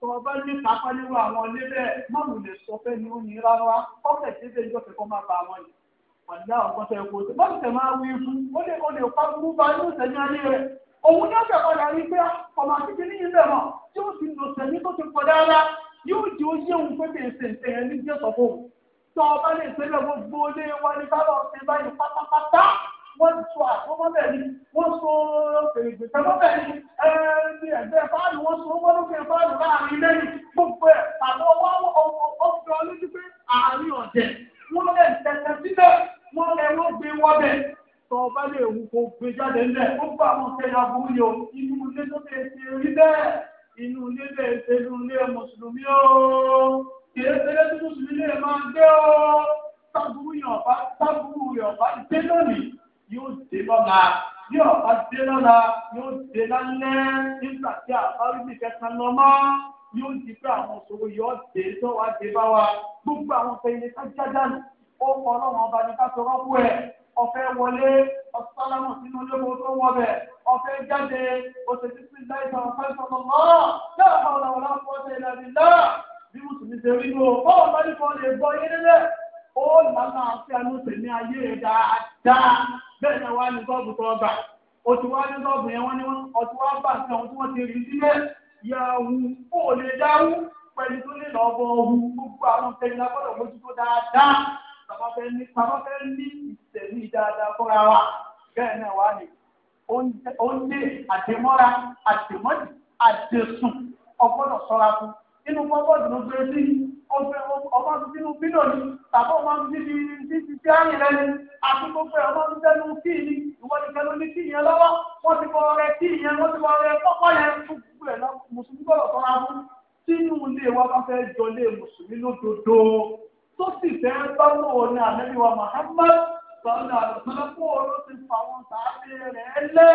tó ọba ní kápá nínú àwọn níbẹ̀ máàmù lè sọ fẹ́ ni ó ní rárá kọ́kẹ́ tẹ́lẹ̀ ní ọ̀sẹ̀ kọ́ máa bá wọn yìí ọ̀dà ọ̀gbọ́n tẹ kó tẹ bọ́ọ̀sẹ̀ máa wí fún ó lè ó lè pa burú ba inú sẹ́ni ayé rẹ̀ òun ní ọ̀sẹ̀ padà rí pé ọmọ àtijọ́ ní ilẹ̀ mọ̀ tí ó sì lò sẹ́ni tó ti pọ̀ dára yóò jẹ́ ó yé òun pé kì í ṣe ìṣe jẹ́ sọ́kò tó ọba lè ṣe gbogbo ilé wa ní bábà wọ́n so àfọmọ́bẹ̀ ni wọ́n so fèrèsè tẹ́mọ́bẹ̀ ni ẹni ẹgbẹ́ fáàlù wọ́n so wọ́n lókè fáàlù láàrin lẹ́yìn gbogbo ẹ̀ àmọ́ wọ́n fi lójú pé àárín ọ̀dẹ̀ wọ́n lẹ̀ tẹ̀tẹ̀ síbẹ̀ wọ́n lẹ̀ wọ́n gbé wọ́n bẹ̀ tọ́ ọba lè wù kó gbé jáde ńlẹ̀ gbogbo àwọn ọ̀tẹ̀yà burú yọ inú ilé tó fẹ́ ṣe rí bẹ́ẹ̀ inú ilé bẹ́ẹ̀ ṣe inú ilé mùsùlùmí o kìí ṣe mùsùlùmí lè máa gbé o tábùrú yọ̀ọ̀bá tábùrú yọ̀ọ̀bá ìdé lónìí yóò dé lọ́la bí ọ̀pá dé lọ́la yóò dé lálẹ́ nígbà tí àbáríjì kẹta lọ mọ́ yóò di pé àwọn òṣòro yóò dé tó wá dé bá wa gbogbo àwọn ọ̀pẹ ilé kájá dànù ó kọ ọlọ́run ọba ní ká sọ̀rọ̀ kú ẹ̀ ọ̀fẹ́ wọlé ọ̀sálámù sínú olóko tó wọ bẹ̀ ọ̀fẹ́ jáde òṣèlú sí láìsàn ọ̀fẹ́ sọ̀tọ̀ mọ́ dáàbà ọ̀làwọ̀lá fọ́ọ̀tẹ̀ ìlànà bí mùsùlùmí ṣe rí lò ó bọ́ọ̀ bá ní kọ́ lè gbọ́ yé nílẹ̀ ó lànà àfẹnú tèmi ayé rẹ dáadáa bẹ́ẹ̀ ni wàá ní gọọbù tó ọgbà òtún wàá ní gọọbù yẹn wọn ni wọn ọtún wàá bà sí àwọn tí wọn ti rí sílẹ̀ yahoo ó lè dáwó pẹ̀lú tó lè lọ bọ ọhún gbogbo àwọn tẹ̀lé lágbọ́dọ̀ mójútó dáadáa tàbá fẹ́ ní tàbá fẹ́ ní ìtẹ̀lé dáadáa fúnra wa bẹ́ẹ̀ náà ọmọ tuntun nínú bínú ni tàbí ọmọ tuntun ní ti ti ti àrìn rẹ ni àti gbogbo ọmọ tuntun nínú kí ni ìwọ ni kẹló yẹn lọ́wọ́ wọ́n ti bọ ọrẹ kí yẹn wọ́n ti bọ ọrẹ kọ́kọ́ yẹn fún gbogbo ẹ̀ lọ mùsùlùmí gbọ́dọ̀ tọ́ra fún sínú ilé wa bá fẹ́ jọ ilé mùsùlùmí lódodo tó sì fẹ́ bá lọ́wọ́ ní àmẹ́lí wa Muhammad sọ̀rọ̀ àlùfẹ́ fún oró ti fà wọn sàábì rẹ̀ lẹ́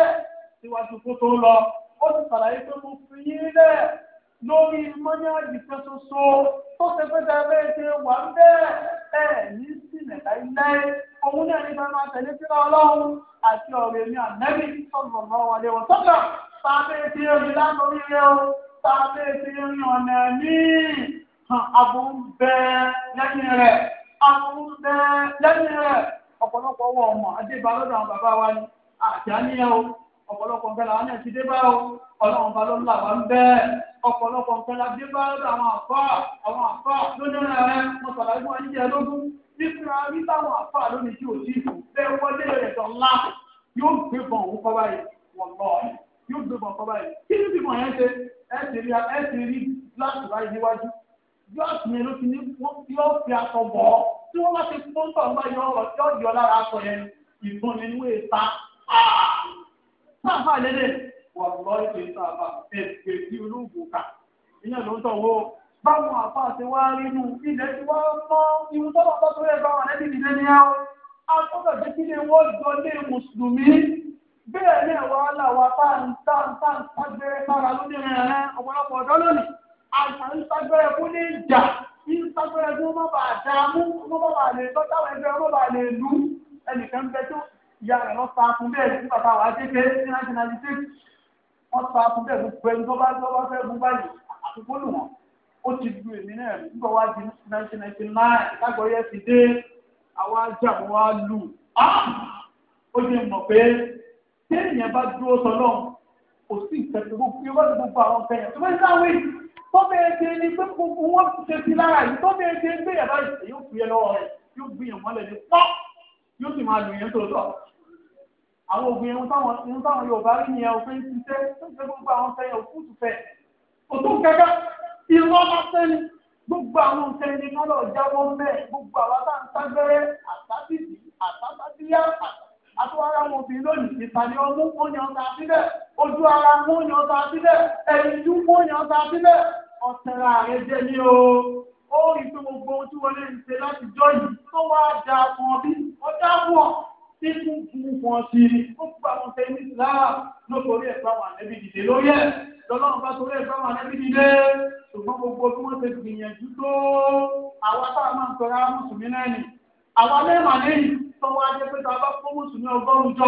síwájú kó tó lọ ó ti sàlàyé pé mo fi yín lẹ̀ lórí mọ́nyáàjì fẹ́ soso tó ṣe pé tá a bẹ́ẹ̀ ṣe wà ń bẹ́ẹ̀ ẹ̀ ní sílẹ̀ láíláí òun náà ní bẹ́ẹ̀ máa tẹ̀lé síra ọlọ́run àti ọ̀rẹ́ mi ànẹ́bí sọ̀rọ̀ lọ́wọ́ lé wọn sọ́kà tá a bẹ́ẹ̀ ṣe rìn látọ̀rí rẹ o tá a bẹ́ẹ̀ ṣe rìn ọ̀nà ẹ̀mí àbò ń bẹ lẹ́yìn rẹ̀ àbò ń bẹ lẹ́yìn rẹ̀ ọ̀pọ̀lọpọ̀ wọ ọmọ adébá lọ́dọ̀ àwọn bàbá wa ni àjàníyàn o o ọlọ́run bá ló ń ọ̀pọ̀lọpọ̀ nǹkan la dé bá lọ́dọ̀ àwọn àfà àwọn àfà lójọ́ náà rẹ̀ wọ́n sọ̀rọ̀ ẹgbẹ́ wọn jíjẹ lógún nípa rí táwọn àfà lónìí tí ò sí ìfò bẹ́ẹ̀ wọlé rẹ̀ tọ̀ ńlá yóò gbé bọ̀n òun kọ́ báyìí wọ́n lọ yóò gbé bọ̀n kọ́ báyìí kí ni bímọ yẹn ṣe ẹ ti rí ẹ ti rí gíláàsì báyìí níwájú gíláàsì yẹn ló ti ní yóò fi aṣọ bọ̀ ọ́ tí wọ́n bá ti fún tọ̀ ńgbà yọ ọ̀rọ̀ tí ó wọ́n lọ ìpè sábà ẹ̀ẹ́dẹ̀ tí olóògùn kà ìyẹn ló ń tọ̀ wọ́ báwọn àpá àti wá rínú ilẹ̀ tí wọ́n mọ́ ibi tọ́lọ̀ tó tó yẹ báwọn ẹ̀ẹ́dẹ̀ ti lé ní àwọn akọ́kọ̀ jẹ́ kí ni wọ́n jọ lé mùsùlùmí bẹ́ẹ̀ ní ẹ̀wọ̀ aláwa táǹtàǹtàǹtàgbẹ́rẹ́ sára lónìí rẹ̀ ọ̀pọ̀lọpọ̀ ọ̀dọ́ lónìí àtàǹtàgbẹ́rẹ́ fún ní ìjà ìtàgbẹ́rẹ́ fún mọ́ bàá dààmú mọ́ bàá lè tọ́jà ẹgbẹ́ mọ́ bàá lè lú ẹnìkan bẹ tó ìyá rẹ̀ lọ́ wọ́n ta fún bẹ́ẹ̀ fún pẹ́ẹ́n tó bá tó bá fẹ́ fún báyìí àkókò lù wọ́n ó ti du èmi náà nígbà wá di nineteen ninety nine lágbọ̀ọ́yẹ ti dé àwa jà wọ́n lù ó yẹ mọ̀ pé téèyàn bá dúró sọ kò sí nǹkan tó gbogbo bá ti gbogbo àwọn nǹkan tó bá ń sáwé tọ́bẹ̀ẹ́ ti ní pé gbogbo wọn ṣe sí lára yìí tọ́bẹ̀ẹ́ ti ń gbé yàrá ìṣèyí fi ẹ lọ́wọ́ rẹ̀ yóò gbìyànjú mọ́lẹ̀ ní pọ́ yóò sì máa lù yẹn tó lọ́wọ́ àwọn obìnrin ohun táwọn Yorùbá rí ni ọ̀fẹ́ ń ṣiṣẹ́ tó ń ṣe gbogbo àwọn fẹ́ òkúùtù fẹ́ òtún kẹ́kẹ́ ìrọ́ lásán ni gbogbo àwọn nǹkan ẹni náà lọ jáwọ́ mẹ́ gbogbo àwa tá ń ságbẹ́rẹ́ àtàbìbì àtàbàbíyá àtúwárá àwọn obìnrin lónìí ìtàní ọmú wọn ni ọta síbẹ̀ ojú ara wọn ni ọta síbẹ̀ ẹ̀yinjú wọn ni ọta síbẹ̀ ọ̀tẹ̀ra rẹ jẹ́ ní o ó rí pé gbogbo ohun tí wọlé ń ṣe láti jọ yìí tó wá dáa fún ọ bí ọjà fún ọ síkú fún wọn sí i ó gbà wọn tẹ ní láà lótorí ẹ̀ bá wọn ànẹ́bí dìde lórí ẹ̀ lọ́lọ́run bá torí ẹ̀ bá wọn ànẹ́bí dìde ṣùgbọ́n gbogbo bí wọ́n ti gbìyànjú tó àwa tá a máa ń tọ́ra mùsùlùmí náà nì àwa mẹ́mà lẹ́yìn tọ́wọ́ ajẹ́ pé tá a bá kó mùsùlùmí ọgọ́rùn-ún jọ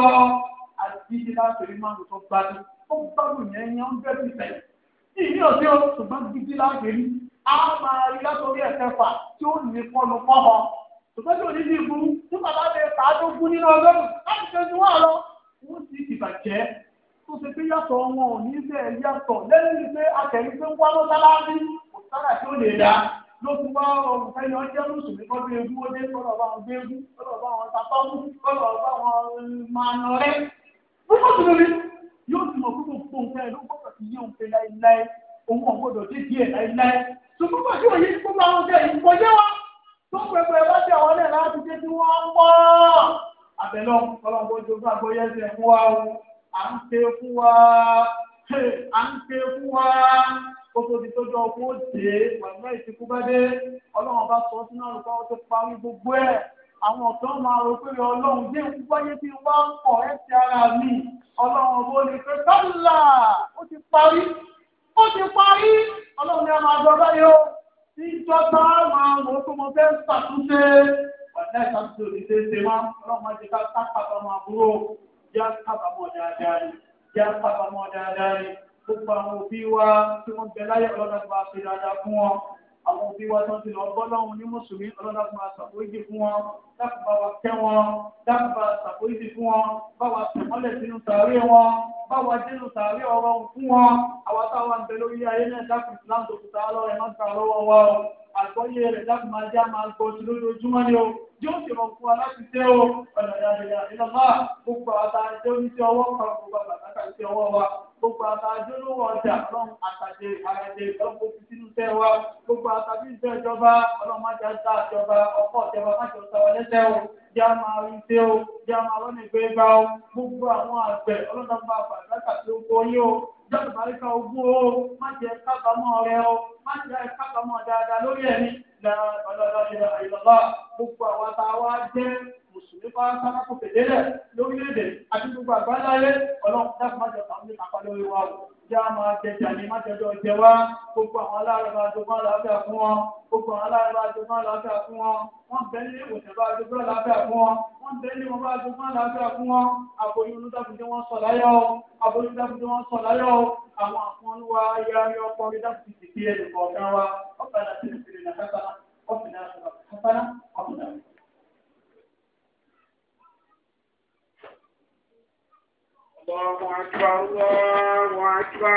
àti ìdí láti rí máa ń tó gbádùn ó gbádùn yẹn yẹn ń bẹ́ẹ̀ bìtẹ̀ ìdí ọ̀sẹ̀ ṣùgbọ́n gidi láti rí a máa rí látọ̀rí ẹ̀kẹfà tí ó ní kọlu kọ́ ṣùgbọ́n tí òní ti tí bàbá mi ta nínú ọgọ́rùn láti ṣe ti wá lọ. wọ́n ti ìbàjẹ́ tó ṣe pé yàtọ̀ wọn ò ní bẹ́ẹ̀ yàtọ̀ lẹ́yìn pé akẹ́yìn pé ń wá lọ́sálásí kò sára ó lè dá ló ti wá ọrùn ẹni ọjọ́ mùsùlùmí kọ́ bí egú ọdẹ kọ́lọ̀ bá wọn gbé egú kọ́lọ̀ bá wọn tapámú kọ́lọ̀ bá wọn eh, máa nọ rẹ́. gbogbo yóò ti mọ̀ gbogbo gbòǹkà ẹ̀ ló gbọ́dọ̀ ti yé òun pé láéláé òun ò tó pẹpẹ bá ti àwọn náà láti jẹ́ kí wọ́n mọ́ àbẹ̀lọ́ ọlọ́mọ ojú fún àgbóyè ẹsẹ̀ fún wa o à ń ké fún wa à ń ké fún wa gbogbo ibi tó jọ ọkùn ìsìnkú bá dé ọlọ́run bá sọ sínú àlùkò tó parí gbogbo ẹ̀ àwọn ọ̀tọ́ máa rò pé ọlọ́run dé ń wáyé bí wá ń pọ̀ ẹ̀sẹ̀ ara mi ọlọ́run ọ̀bọ ni pé tọ́lá ó ti parí ó ti parí ọlọ́run ni a máa gbọ́ báyìí ìjọba máa wọ pé mo fẹ́ ṣàtúnṣe ọ̀dà ìṣàtúnṣe òní ṣe ṣe wá ọlọ́mọdé ká kápábọ̀ máa búrò yá kábàámọ̀ dáadáa ni yá kábàámọ̀ dáadáa ni gbogbo àwọn òbí wa tí wọ́n bẹ láyé ọlọ́dọ̀ bá ṣe dáadáa fún wọn àwọn òbí wa tó ti lọ bọ́ lọ́hùn ní mùsùlùmí ọlọ́dà fún wa ṣàkóyèjì fún wọn dákun bá wa kẹ́ wọn dákun bá wa ṣàkóyèjì fún wọn bá wa tẹ̀mọ́lẹ̀ sínú sàárè wọn bá wa dínú sàárè ọ̀rọ̀ fún wọn àwọn táwọn ń bẹ lórí ayé náà dákun ìsìlámù tó kùtà lọ́rẹ̀ má gbà lọ́wọ́ wa àgbọ́yé rẹ̀ láti máa já máa gbọ́ sí lójoojúmọ́ ni o yóò sì rọ fún wa láti tẹ́ o ọ̀nà ìyàbẹ̀yà ìlọ́mọ́ gbogbo àtà àjọ ní ti ọwọ́ kan gbogbo àtàkà ti ọwọ́ wa gbogbo àtà àjọ ló wọ ọjà ọlọ́run àtàjẹ àrẹ̀jẹ ọlọ́pọ̀ fi sínú tẹ́ wa gbogbo àtà bí ìjọ ìjọba ọlọ́run májà ń ta ìjọba ọkọ̀ ìjọba májà ń ta wa lẹ́sẹ̀ o já máa rí tẹ́ o já máa rọ́nà ìgbé gbá o gbogbo àwọn àgbẹ̀ ọlọ́dọ̀ bá àpàdé jálùbáríkà ogún o má jẹ kábàámọ̀ rẹ o má jẹ kábàámọ̀ dáadáa lórí ẹni lẹ́nu ọ̀dọ́dọ́ ìlọ́lá gbogbo àwọn tá a wá jẹ́ mùsùlùmí bá sábà kò fèdélẹ̀ lórílẹ̀-èdè àti gbogbo àgbáńláyé ọlọ́run dákùmájọ tàbí àpá lórí wa o tí a ní májẹjọ jẹ gbogbo àwọn alárẹ̀bá àjọpọ̀ àlàáfíà fún wọn gbogbo àwọn alárẹ̀bá àjọpọ̀ àlàáfíà fún wọn wọ́n bẹ ní ìwòsàn àjọpọ̀ àlàáfíà fún wọn wọ́n bẹ ní ìwòsàn àjọpọ̀ àlàáfíà fún wọn àbòyún olùdókòjì wọn sọ láyọ̀ àbòyún olùdókòjì wọn sọ láyọ̀ àwọn àfọwọ́núwà ayé ayé ọkọ̀ orí ti di ẹnì kọ̀ọ̀kan wa ọ̀pẹ̀ الله أكبر الله أكبر